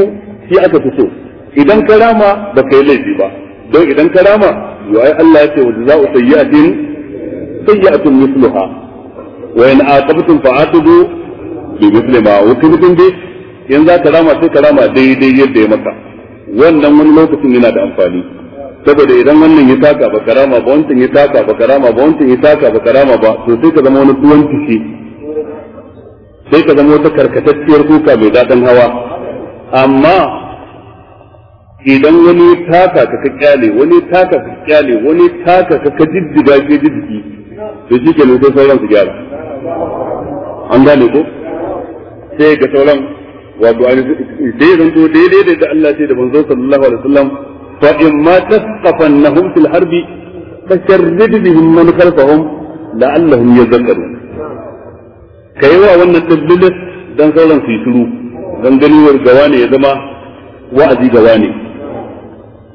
shi aka fi so idan ka rama ba kai laifi ba don idan ka rama yau ai Allah ya ce wa jaza'u sayyi'atin sayyi'atun misluha wa in aqabtum fa'atubu bi mithli ma uqibtum bi in za ka rama sai ka rama daidai yadda ya maka wannan wani lokacin yana da amfani saboda idan wannan ya taka ba karama ba wancan ya taka ba karama ba wancan ya taka ba karama ba to sai ka zama wani tuwon tishi sai ka zama wata karkatacciyar kuka mai daɗin hawa amma idan wani taka ka ka kyale wani taka ka kyale wani taka ka ka jijjiga ke jijjiki to shi kenan sai sauran su gyara an gane ko sai ga sauran wato dai zanto daidai da Allah ce da manzo sallallahu alaihi wasallam fa in ma tasqafannahum fil harbi fasharrid bihim man khalfahum la'allahum yadhakkarun kai wa wannan tabbilis dan sauran su yi shiru dan ganiwar gawa ne ya zama wa'azi gawa ne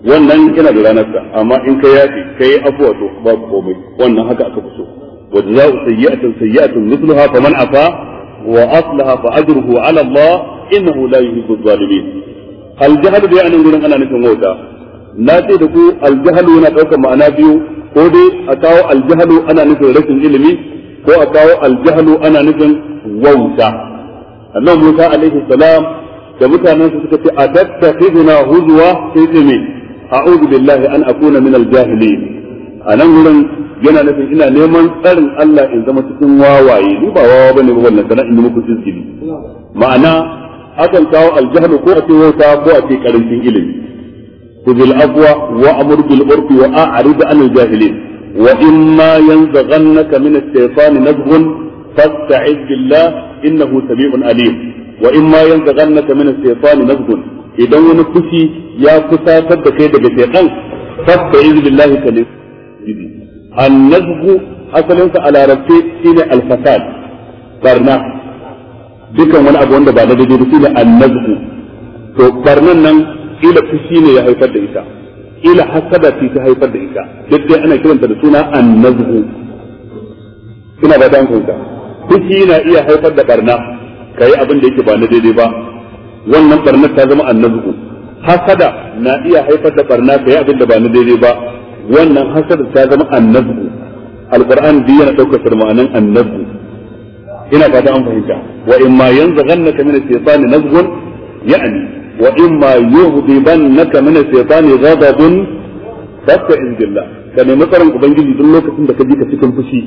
wannan yana da ranar sa amma in ka yafi kai afwa to babu komai wannan haka aka fi so wa jazaa'u sayyi'atin sayyi'atun mithluha man afa wa aslaha fa ajruhu 'ala Allah innahu la yuhibbu adh-dhalimin al-jahl bi anan gurin ana nufin wauta na ce da ku al-jahl yana daukar ma'ana biyu ko dai a kawo al-jahl ana nufin rashin ilimi ko a kawo al-jahl ana nufin wauta annabi Musa alaihi salam da mutanen su suka ce adatta khidna huzwa sai ce a'udhu billahi an akuna min al-jahilin anan gurin yana nufin ina neman tsarin Allah in zama cikin wawaye ni ba wawa bane ba wannan sana'in ni muku tsiri ma'ana akan kawo aljahlu ko a ce wauta ko a ce karancin ilimi ku bil afwa wa amur bil urfi wa a'rid an al-jahilin wa imma yanzaghannaka min ash-shaytani nazghun fasta'iz billah innahu samii'un alim wa imma yanzaghannaka min ash-shaytani nazghun idan wani kushi ya kusatar da kai daga shaytan fasta'iz billahi kalim annazhu asalin sa a larabce shine al-fasad barna dukan wani abu wanda ba da daidai shine annazhu to barnan nan ila kushi ne ya haifar da ita ila hasada ce ta haifar da ita duk dai ana kiranta da suna annazhu ina ba dan kunta kushi na iya haifar da barna kai abin da yake ba na daidai ba wannan barnar ta zama annabu hasada na iya haifar da barna kai abin da ba na daidai ba wannan hasada ta zama annabu alquran bi yana daukar ma'anan annabu ina fata an fahimta wa in ma yanzaghannaka min ash-shaytani nazghun ya'ni wa in ma yuhdibannaka min ash-shaytani ghadabun fasta'in billah ka nemi tsaron ubangiji duk lokacin da ka ji ka cikin fushi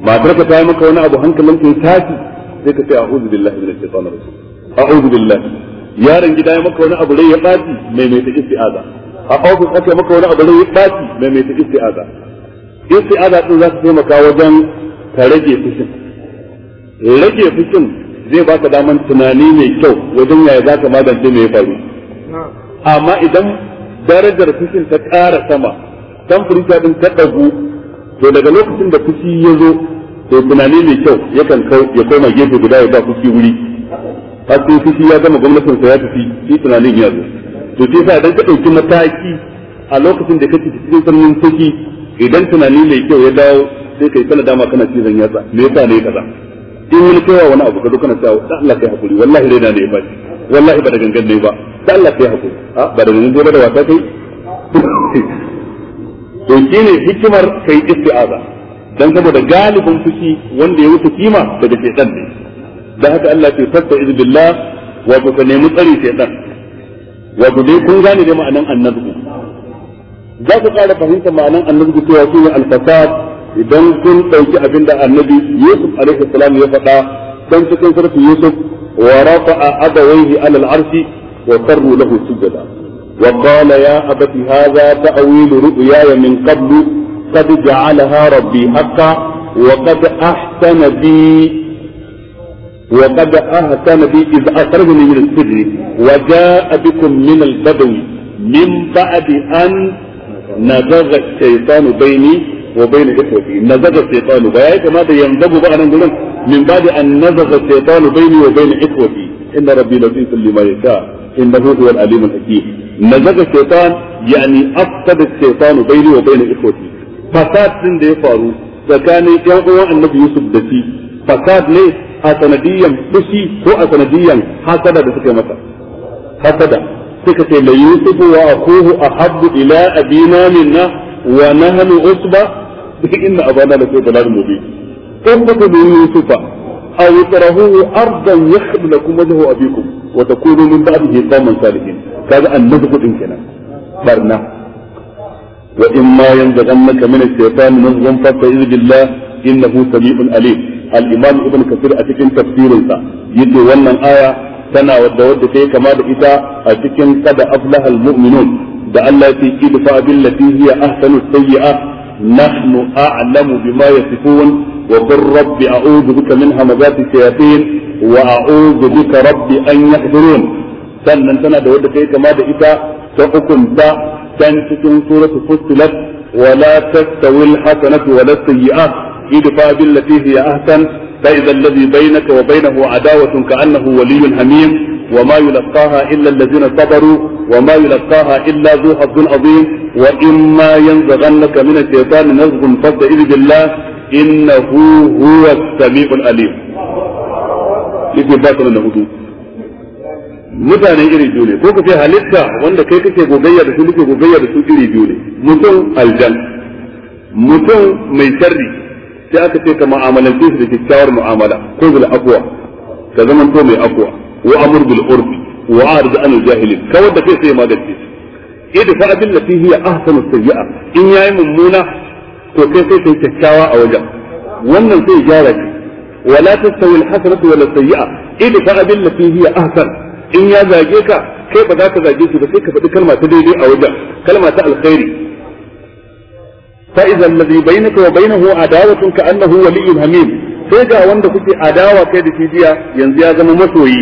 matar ka ta yi maka wani abu hankalin ka ya tashi sai ka ce a'udhu billahi minash shaitanir rajim a'udhu billahi yaron gida ya maka wani abu rai ya baci mai mai ta isti'aza a ofis aka maka wani abu rai ya baci mai mai ta isti'aza isti'aza din za ta taimaka wajen ka rage fushin rage fushin zai baka daman tunani mai kyau wajen yaya za ka magance mai faru amma idan darajar fushin ta ƙara sama dan ta din ta dagu to daga lokacin da fushi ya zo to tunani mai kyau yakan ya koma gefe guda ya ba fushi wuri har sai fushi ya gama gwamnatin sa ya tafi shi tunanin ya zo to shi yasa idan ka dauki mataki a lokacin da kake cikin sanin saki idan tunani mai kyau ya dawo sai kai kana dama kana cizon yatsa me yasa ne kaza in wani wa wani abu ka zo kana cewa da Allah kai hakuri wallahi raina ne ba wallahi ba da gangan ne ba da Allah kai hakuri a ba da mun ba da wasa kai [laughs] to shine hikimar kai isti'aza dan saboda galibin fushi wanda ya wuce kima daga shedan ne da haka Allah ke fasta iz billah wato ka nemi tsari shaytan wato dai kun gane dai ma'anan annabi za ku fara fahimta ma'anan annabi cewa shi ne al-fasad idan kun dauki abinda annabi Yusuf alaihi salam ya faɗa dan cikin sarfi Yusuf wa rafa'a abawayhi ala al-arshi wa qarru lahu sujada وقال يا أبت هذا تأويل رؤياي min قبل قد جعلها ربي حقا وقد أحسن بي وقد أهتم بي إذ أخرجني من السجن وجاء بكم من البدو من بعد أن نزغ الشيطان بيني وبين إخوتي نزغ الشيطان بيني كما ينزغ بقى نقول من بعد أن نزغ الشيطان بيني وبين إخوتي إن ربي لطيف لما يشاء إنه هو العليم الحكيم نزغ الشيطان يعني أفقد الشيطان بيني وبين إخوتي فساد سندي يفعل فكان يقوى النبي يوسف دتي fasad ne a sanadiyan fushi ko a sanadiyan hasada da suka yi masa hasada suka ce la yusufu wa akuhu ahabbu ila abina minna wa nahnu usba inna abana la fi yusufa aw tarahu ardan lakum wajhu abikum wa takunu min ba'dihi qauman salihin kaga annabi kudin kenan barna وإما ينزغنك من الشيطان نزغ فاستعذ بالله al-imam ibn kasir a cikin tafsirinsa yace wannan aya tana wadda wadda ta kama da ita a cikin kada aflahal mu'minun da Allah ya ce idfa billati hiya ahsanu sayyi'a nahnu a'lamu bima yasifun wa qur rabbi a'udhu bika min hamazati shayatin wa a'udhu bika rabbi an yahdurun sannan tana da wadda ta kama da ita ta hukunta can cikin suratul fussilat ولا تستوي الحسنة ولا السيئة idfa billati hiya ahsan fa idza waliyyun hamim wa ma yulqaha illa alladhina mutane iri biyu ne ko ku ce halitta wanda kai kake gogayya da su kake gogayya da su iri biyu ne mutum aljan mutum mai sharri sai aka ce ka mu'amalance su da kyakkyawar mu'amala ko bil aqwa ka zama to mai aqwa wa amr bil urfi wa arid an al jahilin kawar da kai sai magance idan fa abin lati hiya ahsanu sayyi'a in yayi mummuna to kai sai kai kyakkyawa a wajen wannan sai gyara ki wala tastawi al hasanatu wala sayyi'a idan fa abin lati hiya ahsan in ya zage ka kai ba za ka zage shi ba sai ka faɗi kalma ta daidai a wajen kalma ta alkhairi fa idza alladhi bainaka wa bainahu adawatun ka annahu waliyyun hamim sai ga wanda kuke adawa kai da shi jiya yanzu ya zama masoyi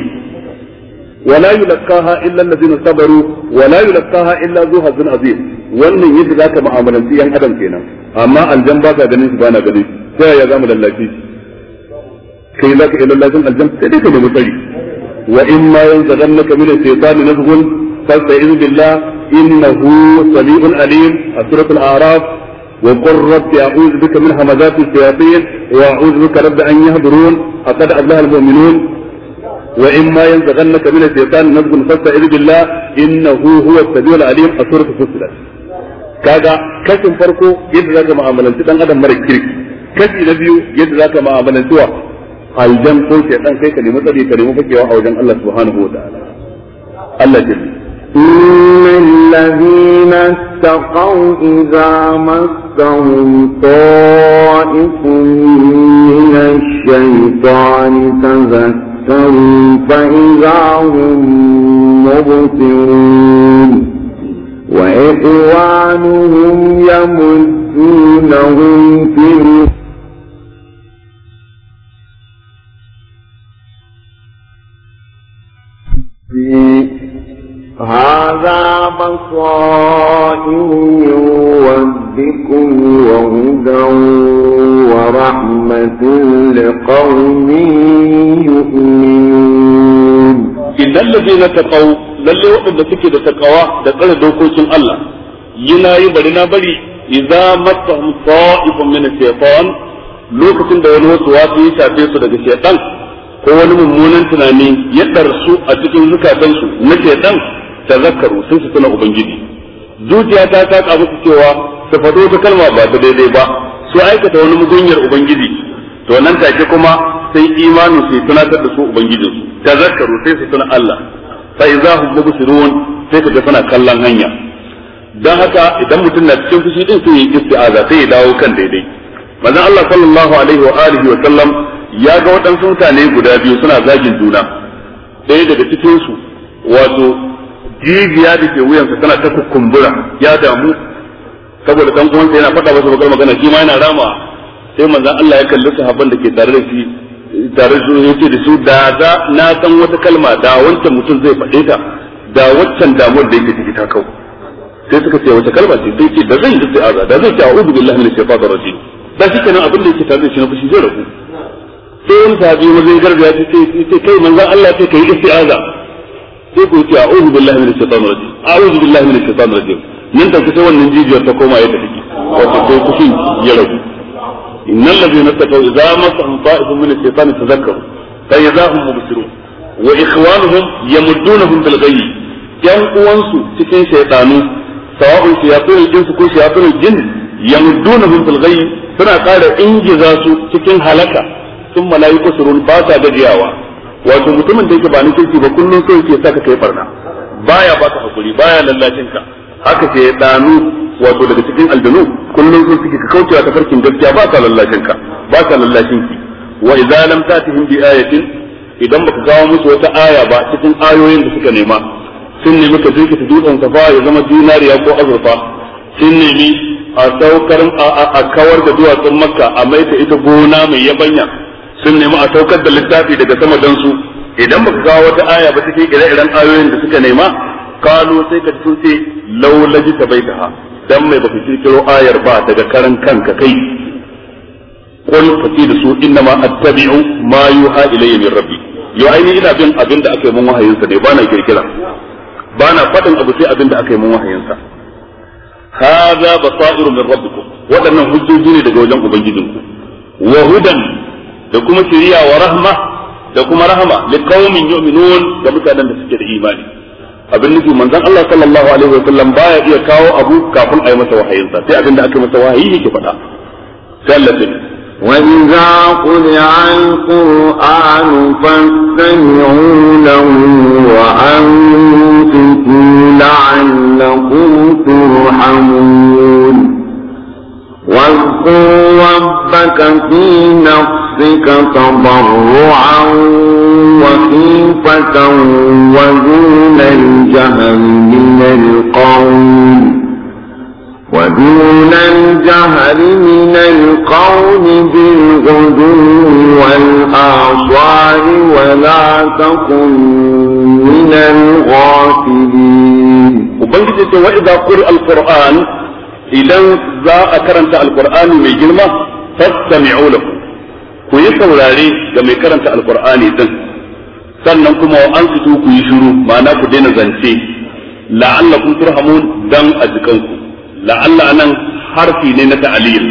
wala yulqaha illa alladhina sabaru wala yulqaha illa zu hazin azim wannan yadda zaka mu'amalanci yan adam amma aljan ba ka ganin shi ba na ganin sai ya zamu lallaci kai zaka ila lallacin aljan sai dai ka tsari wa in innahu sami'un alim a suratul a'raf وقل رب أعوذ بك من همزات الشياطين وأعوذ بك رب أن يهدرون فقد أبلغ المؤمنون وإما ينزغنك من الشيطان نزغ فاستعذ بالله إنه هو السميع العليم سورة فصلت kaga kashin farko yadda zaka mu'amalanci dan adam mara kirki kashi na biyu yadda zaka mu'amalanci wa aljan ko shaytan kai ka nemi tsari ka nemi fakewa a wajen Allah Allah إن الذين اتقوا إذا مسهم طائف من الشيطان تذكروا فإذا هم مبصرون وإخوانهم يمدونهم في بقوم lalle waɗanda suke da takawa da tsare dokokin Allah yana yi bari na bari idza matahum ta'ifun min shaytan lokacin da wani wasu wasu ya shafe su daga shaytan ko wani mummunan tunani ya darsu a cikin zukatan su na shaytan tazakkaru sun su tuna ubangiji zuciya ta ta kabu cewa su fado ta kalma ba ta daidai ba su aikata wani mugunyar ubangiji to nan take kuma sai imanin su tunatar da su ubangijin su tazakkaru sai su tuna Allah fa idza hum mubsirun sai ka ga suna kallon hanya dan haka idan mutum na cikin fushi din sai ya isti'aza sai ya dawo kan daidai manzon Allah sallallahu alaihi wa alihi wa sallam ya ga waɗansu mutane guda biyu suna zagin juna ɗaya daga cikin su wato jijiya da ke wuyansa tana ta kukumbura ya damu saboda dan uwansa yana faɗa masa bakar magana shi ma yana rama sai manzon Allah ya kalli sahabban da ke tare da shi tare su yace da su da za na san wata kalma da wancan mutum zai faɗe ta da waccan damuwar da yake ciki ta kau sai suka ce wata kalma ce sai ce da zai yi aza da zai ce a'udhu billahi minash shaitanir rajim da shi kenan abin da yake tare da shi na fushi zai rabu sai wani sahabi ma zai garga ce ce kai manzon Allah ce kai isti'aza sai ku ce a'udhu billahi minash shaitanir rajim a'udhu billahi minash shaitanir rajim nan da kusa wannan jijiyar ta koma yadda take wato sai kushin ya rabu innal ladina taqaw idza masahum ta'ifun min ash-shaytani tadhakkaru fa idza hum mubsirun wa ikhwanuhum yamuddunahum bil ghayyi yan uwansu cikin shaytanu sawa'un shayatin al-ins ko shayatin al-jinn yamuddunahum bil ghayyi suna kara ingiza su cikin halaka sun malaiku surun ba sa gajiyawa wato mutumin da yake ba ni kirki ba kullum sai yake saka kai barna baya baka hakuri baya lallacin ka haka sai danu wato daga cikin aljanu kullum sun suke ka kaucewa ta farkin gaskiya ba ka lallashin ka ba ka lallashin ki wa idza lam tatihim bi ayatin idan baka kawo musu wata aya ba cikin ayoyin da suka nema sun nemi ka jinki ta dutsen safa ya zama dinariya ko azurfa sun nemi a saukar a kawar da duwatsun makka a maita ita gona mai yabanya sun nemi a saukar da littafi daga sama dan su idan baka kawo wata aya ba cikin ire-iren ayoyin da suka nema kalu sai ka sun ce laulaji ta bai ta ha dan mai baka kirkiro ayar ba daga karan kanka kai qul fati da su inna ma attabi'u ma yuha ilayya min rabbi yo aini ina bin abin da aka yi mun wahayin sa ne ba na kirkira ba na fadin abu sai abin da aka yi mun wahayin sa hadha basairu min rabbikum wadannan hujjoji ne daga wajen ubangijinku wa hudan da kuma shiriya wa rahma da kuma rahama liqaumin yu'minun da mutanen da suke da imani abin nufi manzon Allah sallallahu alaihi wa sallam baya iya kawo abu kafin a yi masa wahayin sa sai abinda da aka masa wahayi yake faɗa sai Allah ya وإذا قرئ القرآن فاستمعوا له وأنصتوا لعلكم ترحمون واذكر ربك في نفسك نفسك تضرعا وخيفة ودون الجهل من القول ودون الجهل من القول بالغدو والآصال ولا تكن من الغافلين وبنجد وإذا قرأ القرآن إذا ذا أكرمت القرآن من جلمة فاستمعوا له ku yi saurare ga mai karanta alkur'ani din sannan kuma wa an fito ku yi shiru ma'ana ku daina zance la'allakum turhamun dan ku la'alla nan harfi ne na ta'alil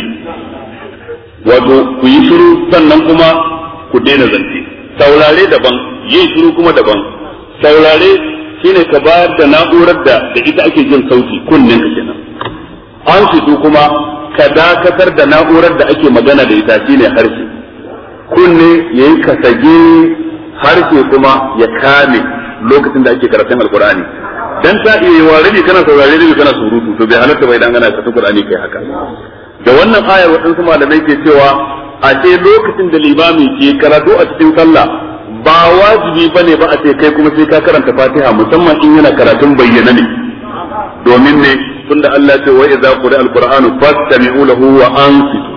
wato ku yi shiru sannan kuma ku daina zance saurare daban yin shiru kuma daban saurare shine ka bayar da na'urar da da ita ake jin sauti kunnen ka kenan an fito kuma ka dakatar da na'urar da ake magana da ita shine harshe kunne ya yi kasage harshe kuma ya kame lokacin da ake karatun alkur'ani dan ta iya yi ware kana saurare ne kana surutu to bai halatta bai dan ka karatun alkur'ani kai haka da wannan ayar waɗansu malamai ke cewa a ce lokacin da limami ke karatu a cikin sallah ba wajibi bane ba a ce kai kuma sai ka karanta fatiha musamman in yana karatun bayyana ne domin ne tunda Allah ce wa idza qira alqur'anu fastami'u lahu wa ansitu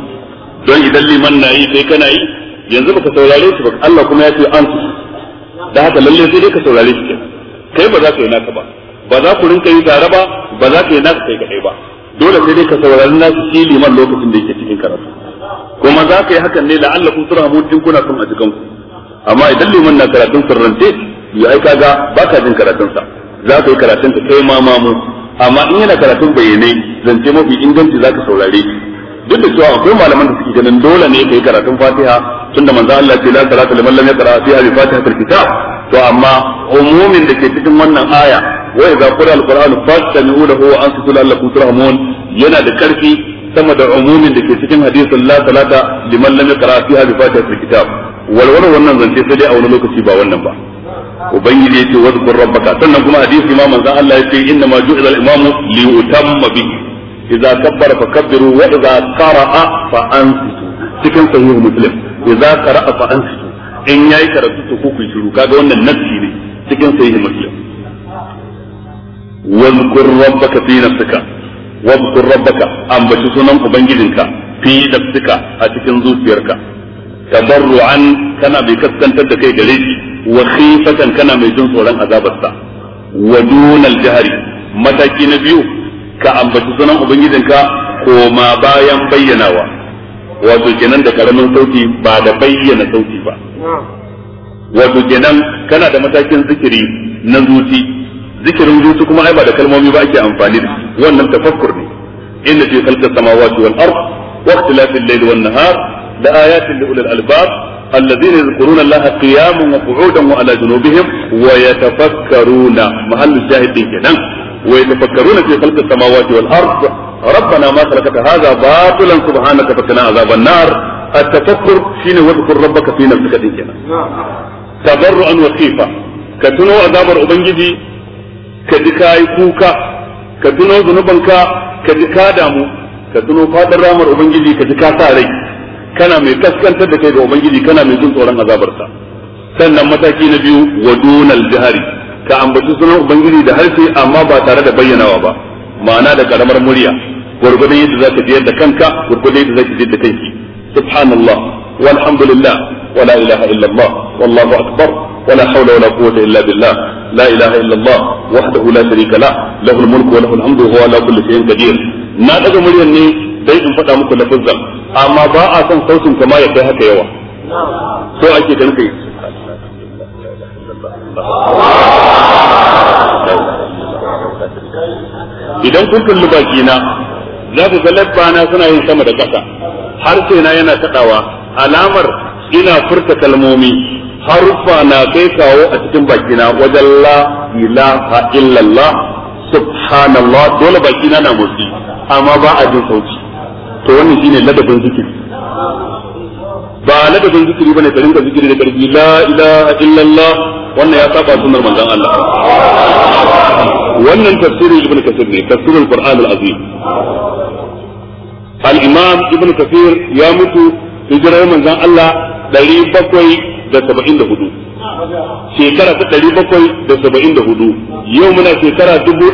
don idan liman nayi yi sai kana yi yanzu baka saurare shi ba Allah kuma ya ce an su da haka lalle sai dai ka saurare shi kai ba za ka yi naka ba ba za ku rinka yi tare ba ba za ka yi naka kai kadai ba dole sai dai ka saurari nasu shi liman lokacin da yake cikin karatu kuma za ka yi hakan ne la'allakum mu in kuna son a cikin ku amma idan liman na karatun sirrance ya aika ga ba ka jin karatunsa za ka yi ka kai ma mamu amma in yana karatun bayanai zance mafi inganci za ka saurare shi duk da cewa akwai malaman da suke ganin dole ne kai karatun Fatiha tunda manzo Allah ce la salata liman lam yaqra fiha bi Fatihatil kitab to amma umumin da ke cikin wannan aya wa idza qira al-qur'an fastami'u lahu wa ansitu la'allakum turhamun yana da karfi sama da umumin da ke cikin hadisin la salata liman lam yaqra fiha bi Fatihatil kitab walwala wannan zance sai dai a wani lokaci ba wannan ba ubangiji yace wazkur rabbaka sannan kuma hadisi ma manzo Allah ya yace inna ma ju'ila al-imamu li yutamma bihi idza kabbara fa kabbiru wa idza qara'a fa ansitu cikin sahihu muslim idza qara'a fa ansitu in yayi karatu to ku kuyi shiru kaga wannan nafsi ne cikin sahihu muslim واذكر ربك في نفسك واذكر ربك ambaci sunan ubangijinka fi nafsika a cikin zuciyarka tabarru'an kana mai kaskantar da kai gare shi wa khifatan kana mai jin tsoron azabarsa wa dunal jahari mataki na biyu ka ambaci sunan ubangijinka koma bayan bayyanawa wato kenan da karamin sauti ba da bayyana sauti ba wato kenan kana da matakin zikiri na zuci zikirin zuci kuma ai ba da kalmomi ba ake amfani da wannan tafakkur ne inna fi khalqis samawati wal ard wa ikhtilafil layli wan nahar la ayatin li ulil albab الذين يذكرون الله قياما وقعودا وعلى جنوبهم ويتفكرون محل الشاهد كده ويتفكرون في خلق السماوات والأرض ربنا ما خلقت هذا باطلا سبحانك فقنا عذاب النار التفكر شين واذكر ربك في نفسك دينك تضرعا وخيفة كتنو عذاب أبنجدي كدكاي كوكا كتنو ذنوبنكا كدكا دامو كتنو فادر رامر أبنجدي كدكا ساري kana mai kaskantar da kai ga ubangiji kana mai jin tsoron azabarsa sannan mataki na biyu wa dunal jihari ka ambaci sunan ubangiji da harshe amma ba tare da bayyanawa ba ma'ana da karamar murya gurgurdan yadda zaka jiyar da kanka gurgurdan yadda zaka jiyar da kanki subhanallah walhamdulillah wala ilaha illallah wallahu akbar ولا حول ولا قوة إلا بالله لا إله إلا الله وحده لا شريك له له الملك وله الحمد وهو على كل شيء قدير na daga muryar ne dai in faɗa muku lafazan amma ba a son sautin kama ya kai haka yawa so ake idan kun kalli baki na za ku ga na suna yin sama da ƙasa har sai na yana kaɗawa alamar ina furta kalmomi harfa na kai kawo a cikin bakina wajen la ilaha illallah subhanallah dole bakina na motsi amma ba a jin sauki to wannan shine ladabin zikiri ba ladabin zikiri bane ka rinka zikiri da karfi la ilaha illallah wannan ya saba sunnar manzon Allah wannan tafsirin ibn kasir ne tafsirul qur'an al-azim al-imam ibn kasir ya mutu hijirar manzon Allah 774 shekara ta 774 yau muna shekara dubu